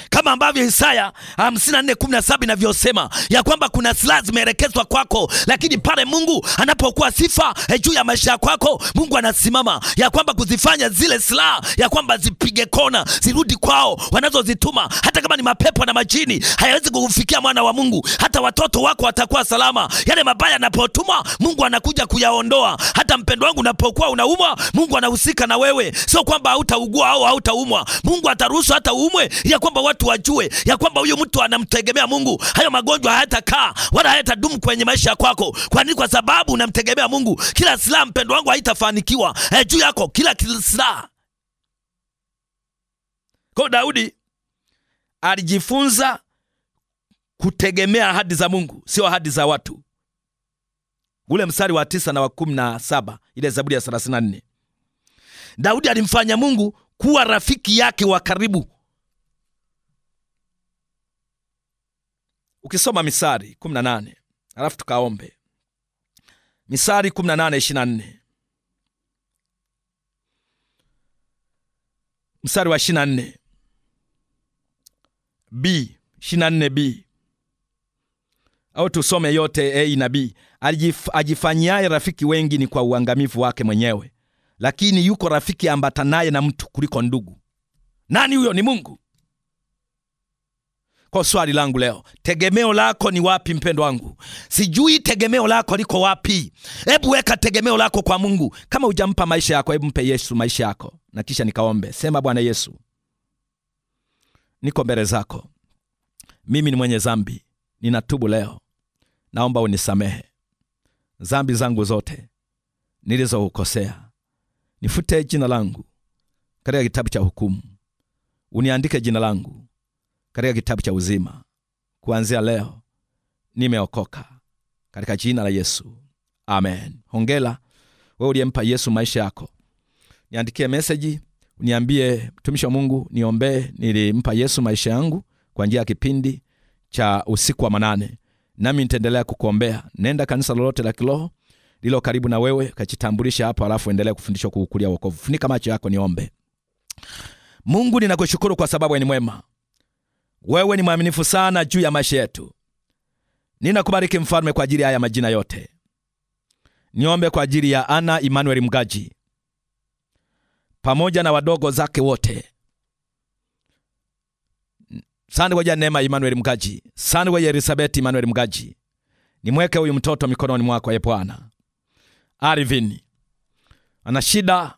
kama ambavyo Isaya 54:17 inavyosema ya kwamba kuna silaha zimeelekezwa kwako, lakini pale Mungu anapokuwa sifa eh, juu ya maisha kwako, Mungu anasimama ya kwamba kuzifanya zile silaha ya kwamba zipige kona, zirudi kwao wanazozituma. Hata kama ni mapepo na majini, hayawezi kukufikia mwana wa Mungu. Hata watoto wako watakuwa salama. Yale mabaya yanapotumwa, Mungu anakuja kuyaondoa. Hata mpendo wangu, unapokuwa unaumwa, Mungu anahusika na wewe. Sio kwamba hautaugua au hautaumwa, Mungu ataruhusu hata uumwe ya kwamba kwamba watu wajue ya kwamba huyu mtu anamtegemea Mungu, hayo magonjwa hayatakaa wala hayatadumu kwenye maisha kwako. Kwa nini? Kwa sababu unamtegemea Mungu. Kila silaha mpendo wangu haitafanikiwa e, juu yako, kila silaha kwa Daudi alijifunza kutegemea ahadi za Mungu, sio ahadi za watu. Ule mstari wa tisa na wa kumi na saba ile Zaburi ya 34 Daudi alimfanya Mungu kuwa rafiki yake wa karibu ukisoma Misari 18 alafu tukaombe. Misari 18:24 msari wa 24 b 24 b au tusome yote a na b. Ajifanyiaye rafiki wengi ni kwa uangamivu wake mwenyewe, lakini yuko rafiki ambatanaye na mtu kuliko ndugu. Nani huyo? Ni Mungu kwa swali langu leo, tegemeo lako ni wapi? Mpendo wangu, sijui tegemeo lako liko wapi. Hebu weka tegemeo lako kwa Mungu. Kama hujampa maisha yako, hebu mpe Yesu maisha yako, na kisha nikaombe. Sema, Bwana Yesu, niko mbele zako, mimi ni mwenye zambi, ninatubu leo, naomba unisamehe zambi zangu zote nilizoukosea, nifute jina langu katika kitabu cha hukumu, uniandike jina langu katika kitabu cha uzima. Kuanzia leo nimeokoka katika jina la Yesu, amen. Hongela wewe uliyempa Yesu maisha yako. Niandikie meseji, niambie mtumishi wa Mungu, niombee, nilimpa Yesu maisha yangu kwa njia ya kipindi cha usiku wa manane, nami nitaendelea kukuombea. Nenda kanisa lolote la kiroho lilo karibu na wewe, kachitambulisha hapo, alafu endelea kufundishwa kuukulia wokovu. Funika macho yako, niombe. Mungu, ninakushukuru kwa sababu ni mwema wewe ni mwaminifu sana juu ya maisha yetu. Ninakubariki mfalme kwa ajili ya haya majina yote. Niombe kwa ajili ya Ana Emmanuel Mgaji pamoja na wadogo zake wote. Sande kwa Neema Emmanuel Mgaji. Sande kwa Elisabeti Emmanuel Mgaji. Nimweke huyu mtoto mikononi mwako ye Bwana. Arvin ana shida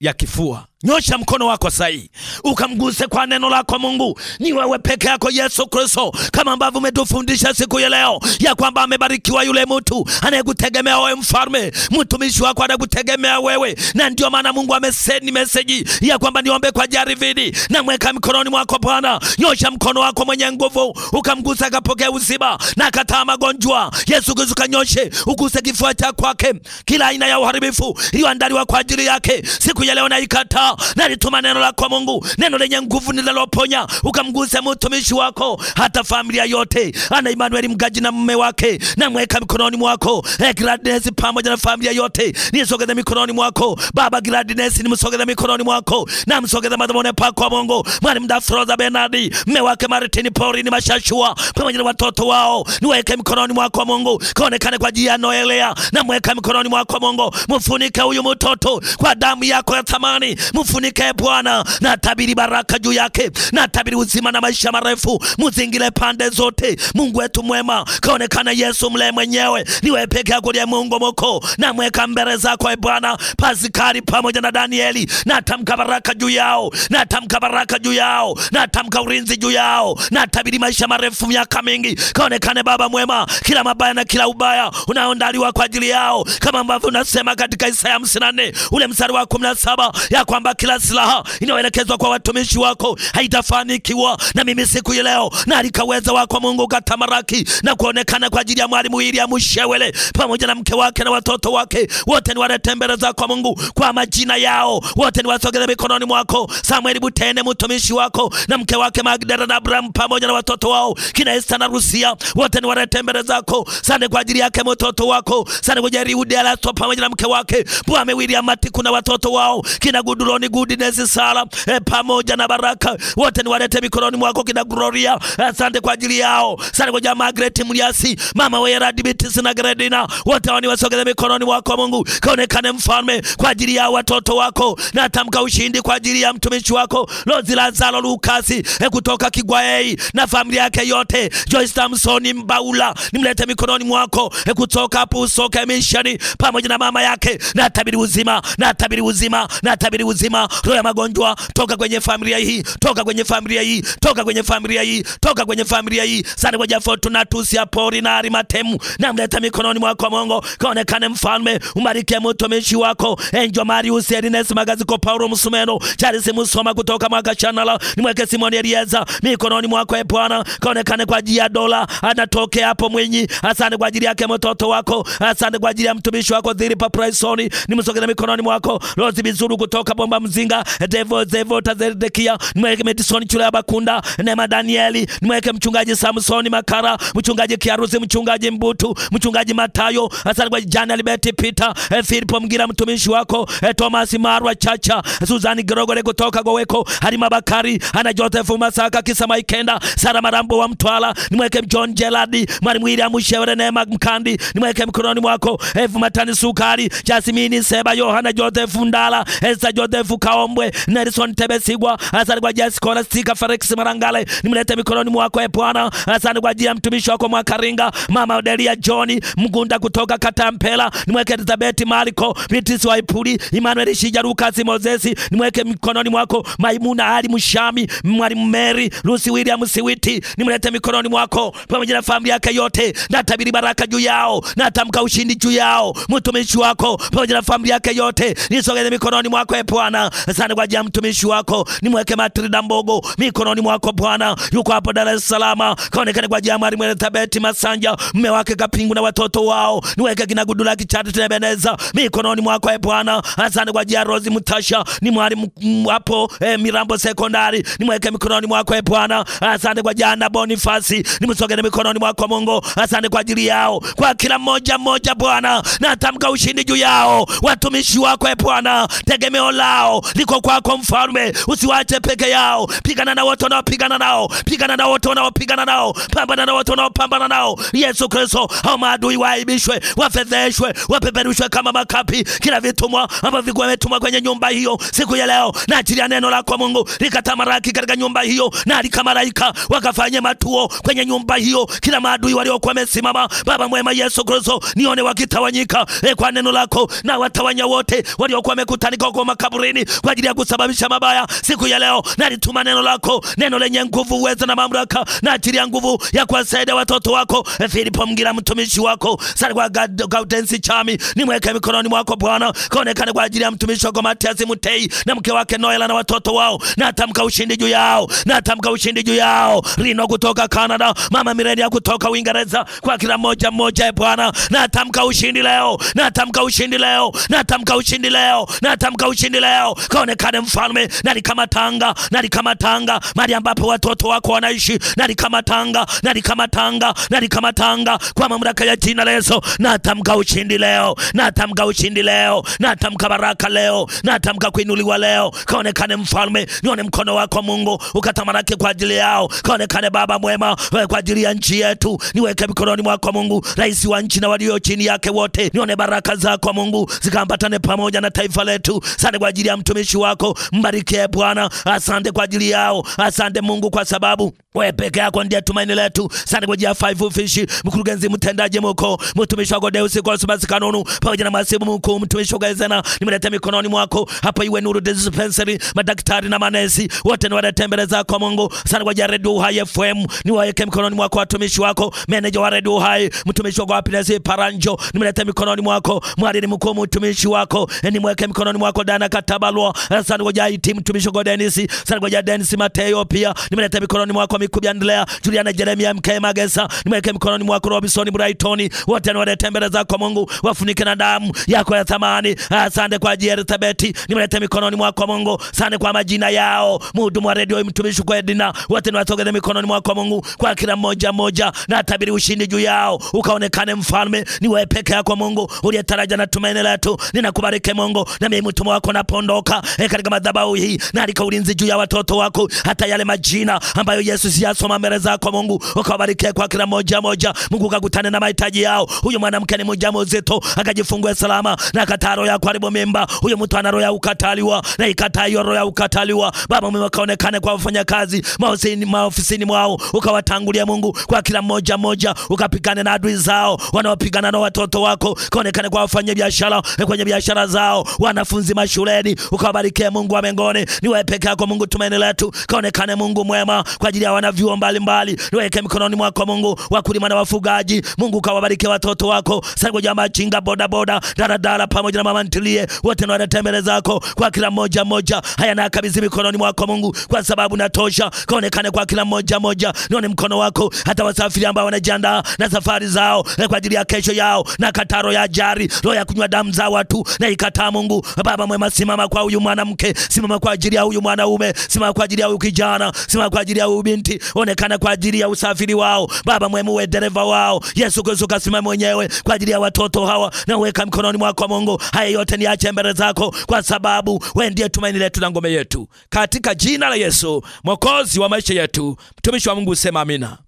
ya kifua. Nyosha mkono wako sahi ukamguse kwa neno lako Mungu. Ni wewe peke yako Yesu Kristo, kama ambavyo umetufundisha siku ya leo ya kwamba amebarikiwa yule mtu anayekutegemea wewe, Mfalme. Mtumishi wako anakutegemea wewe, na ndio maana Mungu amesendi meseji ya kwamba niombe kwa Jarividi, namweka mkononi mwako Bwana. Nyosha mkono wako mwenye nguvu ukamgusa, akapokea uzima na akataa magonjwa. Yesu Kristo, kanyoshe uguse kifua cha kwake, kila aina ya uharibifu iliyoandaliwa kwa ajili yake siku ya leo naikataa nalituma neno lako Mungu, neno lenye nguvu nilaloponya, ukamguse mtumishi wako, hata familia yote ana Emmanuel Mgaji na mume wake, na mweka mikononi mwako. Eh, Gladness pamoja na familia yote nisogeze mikononi mwako Baba. Gladness nimsogeze mikononi mwako, na msogeze madhabahuni pako Mungu. Mwalimu Dafroza Bernardi, mume wake Martin Paulini Mashashua pamoja na watoto wao, niweke mikononi mwako Mungu, kaonekane kwa ajili ya Noelea, na mweka mikononi mwako Mungu, mfunike huyu mtoto kwa damu yako ya thamani mfunike Bwana, natabiri baraka juu yake, natabiri uzima na maisha marefu, muzingile pande zote. Mungu wetu mwema, kaonekana Yesu mle mwenyewe, niwe peke yako ndiye Mungu moko, namweka mbele zako e Bwana, Paskari pamoja na Danieli, natamka baraka juu yao, natamka baraka juu yao, natamka ulinzi juu yao, natabiri maisha marefu, miaka mingi. Kaonekane Baba mwema, kila mabaya na kila ubaya unaondaliwa kwa ajili yao, kama ambavyo unasema katika Isaya 54 ule mstari wa 17 ya kwamba kwamba kila silaha inayoelekezwa kwa watumishi wako haitafanikiwa, na mimi siku hii leo na alika uwezo wako Mungu ukatamaraki na kuonekana kwa ajili ya mwalimu William Shewele pamoja na mke wake na watoto wake wote, niwalete mbele zako Mungu kwa majina yao wote, niwasogeze mikononi mwako. Samuel Butende mtumishi wako na mke wake Magdalena na Abraham pamoja na watoto wao kina Esther na Rusia, wote niwalete mbele zako. Sante kwa ajili yake mtoto wako, sante kwa ajili ya Rudia Lasto pamoja na mke wake Bwana William Matiku na watoto wao kina Guduroni mikononi, Goodness Sala e, eh, pamoja na Baraka wote niwalete mikononi mwako kina Gloria. Asante kwa ajili yao. Asante kwa Margaret Mliasi, mama wa Eradibitis na Gredina, wote wani wasogeze mikononi mwako Mungu. Kaonekane mfalme kwa ajili ya watoto wako, na tamka ushindi kwa ajili ya mtumishi wako Lozi Lazaro Lukasi e, eh, kutoka Kigwaei na familia yake yote. Joyce Thompson Mbaula nimlete mikononi mwako e, kutoka hapo Usoke Mission pamoja na mama yake, na tabiri uzima, na tabiri uzima, na tabiri uzima uzima, roho ya magonjwa toka kwenye familia hii, toka kwenye familia hii, toka kwenye familia hii, toka kwenye familia hii. Sana Sasa ngoja Fortunatus pori na Arimatemu, namleta mikononi mwako Mungu, kaonekane mfalme, umbarikie mtumishi wako Angel Marius Magazi kwa Paulo Msumeno Charles Musoma kutoka mwaka chanala, nimweke Simoni Elieza mikononi mwako e Bwana, kaonekane kwa ajili ya dola anatokea hapo mwenyi. Asante kwa ajili yake mtoto wako, asante kwa ajili ya mtumishi wako Dhiri Papraisoni, nimsogeze mikononi mwako Rose Bizuru kutoka bomba Mumba Mzinga, Devo Devo Tazedekia, nimweke Madison Chula Bakunda, Nema Danieli, nimweke mchungaji Samson Makara, mchungaji Kiaruzi, mchungaji Mbutu, mchungaji Matayo, asante kwa jana Liberty Peter, eh, Filipo Mgira mtumishi wako, eh, Thomas Marwa Chacha, Suzani Grogore kutoka Goweko, Halima Bakari, ana Joseph Masaka Kisa Maikenda, Sara Marambo wa Mtwala, nimweke John Jeladi, Mwalimu William Shere, Neema Mkandi, nimweke mkononi mwako, Evu Matani Sukari, Jasmini Seba, Yohana Joseph Ndala, Esa Joseph mrefu Kaombwe, Nelson Tebesigwa, asante kwa ajili ya Scholastica Felix Marangale, nimlete mikononi mwako e Bwana. Asante kwa ajili ya mtumishi wako Mwakaringa, mama Odelia John Mgunda kutoka Katampela, nimweke Elizabeth Mariko, Beatrice Waipuli, Emmanuel Shija, Lucas Mozesi, nimweke mikononi mwako Maimuna Ali Mshami, Mwalimu Mary, Lucy William Siwiti, nimlete mikononi mwako pamoja na familia yake yote, na tabiri baraka juu yao, na tamka ushindi juu yao, mtumishi wako pamoja na familia yake yote, nisogeze mikononi mwako e Bwana. Bwana. Asante kwa ajili ya mtumishi wako, nimweke Matilda Mbogo mikononi mwako Bwana, yuko hapo Dar es Salaam, kaonekane kwa ajili ya mwalimu Elizabeth Masanja, mme wake Kapingu na watoto wao, niweke kina Gudula Kichatu na Ebeneza mikononi mwako e Bwana. Asante kwa ajili ya Rose Mutasha, ni mwalimu mm, hapo e, Mirambo Sekondari, nimweke mikononi mwako e Bwana. Asante kwa jana Bonifasi, nimsogeze mikononi mwako Mungu. Asante kwa ajili yao, kwa kila mmoja mmoja Bwana, na atamka ushindi juu yao, watumishi wako e Bwana, tegemeo lao yao liko kwako, mfalme. Usiwache peke yao, pigana na watu wanaopigana nao, pigana na watu wanaopigana nao, pambana na watu wanaopambana nao. Yesu Kristo, hao maadui waaibishwe, wafedheshwe, wapeperushwe kama makapi. Kila vitumwa ambavyo vimetumwa kwenye nyumba hiyo siku ya leo, na ajili ya neno lako Mungu likatamaraki katika nyumba hiyo, na alika malaika wakafanye matuo kwenye nyumba hiyo. Kila maadui waliokuwa wamesimama, Baba mwema Yesu Kristo, nione wakitawanyika e, kwa neno lako na watawanya wote waliokuwa wamekutanika kwa makaburi kaburini kwa ajili ya kusababisha mabaya. Siku ya leo nalituma neno lako, neno lenye nguvu, uwezo na mamlaka, na ajili ya nguvu ya kuwasaidia watoto wako Filipo Mgira, mtumishi wako sana kwa Gaudensi Chami, nimweke mikononi mwako Bwana, kaonekane kwa ajili ya mtumishi wako Matiasi Mutei na mke wake Noela na watoto wao, na atamka ushindi juu yao, na atamka ushindi juu yao. Rino kutoka Canada, mama Mirenia kutoka Uingereza, kwa kila mmoja mmoja, e Bwana, na atamka ushindi leo, na atamka ushindi leo, na atamka ushindi leo, na atamka ushindi leo leo kaonekane mfalme, nalikamatanga nalikamatanga mali ambapo watoto wako wanaishi, nalikamatanga nalikamatanga nalikamatanga kwa mamlaka ya jina la Yesu. Natamka ushindi leo, natamka ushindi leo, natamka baraka leo, natamka kuinuliwa leo. Kaonekane mfalme, nione mkono wako Mungu ukatamalake kwa ajili yao. Kaonekane baba mwema eh, kwa ajili ya nchi yetu, niweke mikononi mwako Mungu, rais wa nchi na walio chini yake wote, nione baraka zako Mungu zikaambatane pamoja na taifa letu. Sana kwa ajili ya mtumishi wako, mbarikie Bwana. Asante kwa ajili yao, asante Mungu kwa sababu wewe peke yako ndiye tumaini letu. Sana kwa jia ya Five Fish, mkurugenzi mtendaji mko, mtumishi wako Deus kwa sababu kanunu pamoja na masibu mko, mtumishi wako Ezena, nimeleta mikononi mwako hapa, iwe nuru dispensary, madaktari na manesi wote ni wanatembeleza kwa Mungu. Sana kwa jia ya Radio Uhai FM, waeke mikononi mwako watumishi wako, meneja wa Radio Uhai, mtumishi wako Happiness Paranjo, nimeleta mikononi mwako, mwalimu mkuu, mtumishi wako, e, ni mweke mikononi mwako Dana Katabalo. Sana kwa jia IT, mtumishi wako Dennis, Sana kwa jia Dennis Mateo, pia nimeleta mikononi mwako mikubwa yaendelea. Juliana Jeremia MK Magesa, nimweke mikononi mwako Robinson Brighton, wote niwalete mbele zako Mungu, wafunike na damu yako ya thamani. Asante kwa ajili ya Elizabeth, nimlete mikononi mwako Mungu. Asante kwa majina yao, mhudumu wa redio, mtumishi kwa Edina, wote niwasogeze mikononi mwako Mungu. Kwa kila mmoja mmoja na tabiri ushindi juu yao, ukaonekane mfalme. Ni wewe peke yako Mungu uliye na tumaini letu, ninakubariki Mungu, na mimi mtumwa wako napondoka e katika madhabahu hii, na alika ulinzi juu ya watoto wako, hata yale majina ambayo Yesu soma mbele zako Mungu, ukawabariki kwa kila moja moja. Mungu kakutane na mahitaji yao. Huyo mwanamke ni mjamzito akajifungua salama, na kataa roho ya kuharibu mimba. Huyo mtu ana roho ya ukataliwa, na ikataa hiyo roho ya ukataliwa. Baba mimi wakaonekane kwa wafanya kazi maofisini, maofisini mwao, ukawatangulia Mungu kwa kila moja moja, ukapigane na adui zao wanaopigana na watoto wako, kaonekane kwa wafanya biashara kwenye biashara zao, wanafunzi mashuleni, ukawabariki Mungu wa mbinguni. Ni wewe peke yako Mungu tumaini letu, kaonekane Mungu mwema kwa ajili ya na vyuo mbalimbali, niweke mikononi mwako Mungu, wakulima na wafugaji. Mungu kawabariki watoto wako sasa, jamaa machinga, boda boda, daradara, pamoja na mama ntilie, wote na wanatembele zako, kwa kila mmoja mmoja, haya na kabidhi mikononi mwako Mungu, kwa sababu natosha. Kaonekane kwa kila mmoja mmoja, nione mkono wako, hata wasafiri ambao wanajiandaa na safari zao eh, kwa ajili ya kesho yao, na kataro ya jari, roho ya kunywa damu za watu na ikataa. Mungu Baba mwema, simama kwa huyu mwanamke, simama kwa ajili ya huyu mwanaume, simama kwa ajili ya huyu kijana, simama kwa ajili ya huyu binti wakati, onekana kwa ajili ya usafiri wao. Baba mwema, uwe dereva wao. Yesu Kristo, kasimama mwenyewe kwa ajili ya watoto hawa, na uweka mkononi mwako Mungu. Haya yote niache mbele zako, kwa sababu wewe ndiye tumaini letu na ngome yetu, katika jina la Yesu mwokozi wa maisha yetu. Mtumishi wa Mungu sema amina.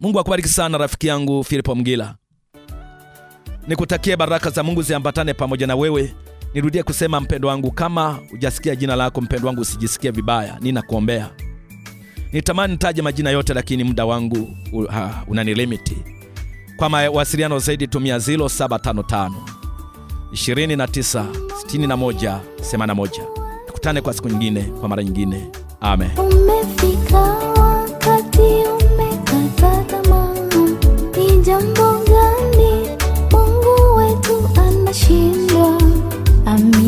Mungu akubariki sana rafiki yangu Filipo Mgila, nikutakie baraka za Mungu ziambatane pamoja na wewe. Nirudie kusema mpendo wangu, kama ujasikia jina lako mpendo wangu, usijisikie vibaya, ninakuombea Nitamani nitaje majina yote, lakini muda wangu uh, unanilimiti. Kwa mawasiliano zaidi tumia 0755 29 61 81. Tukutane kwa siku nyingine, kwa mara nyingine. Amen. Umefika wakati umekata tamaa, ni jambo gani Mungu wetu anashindwa? Amen.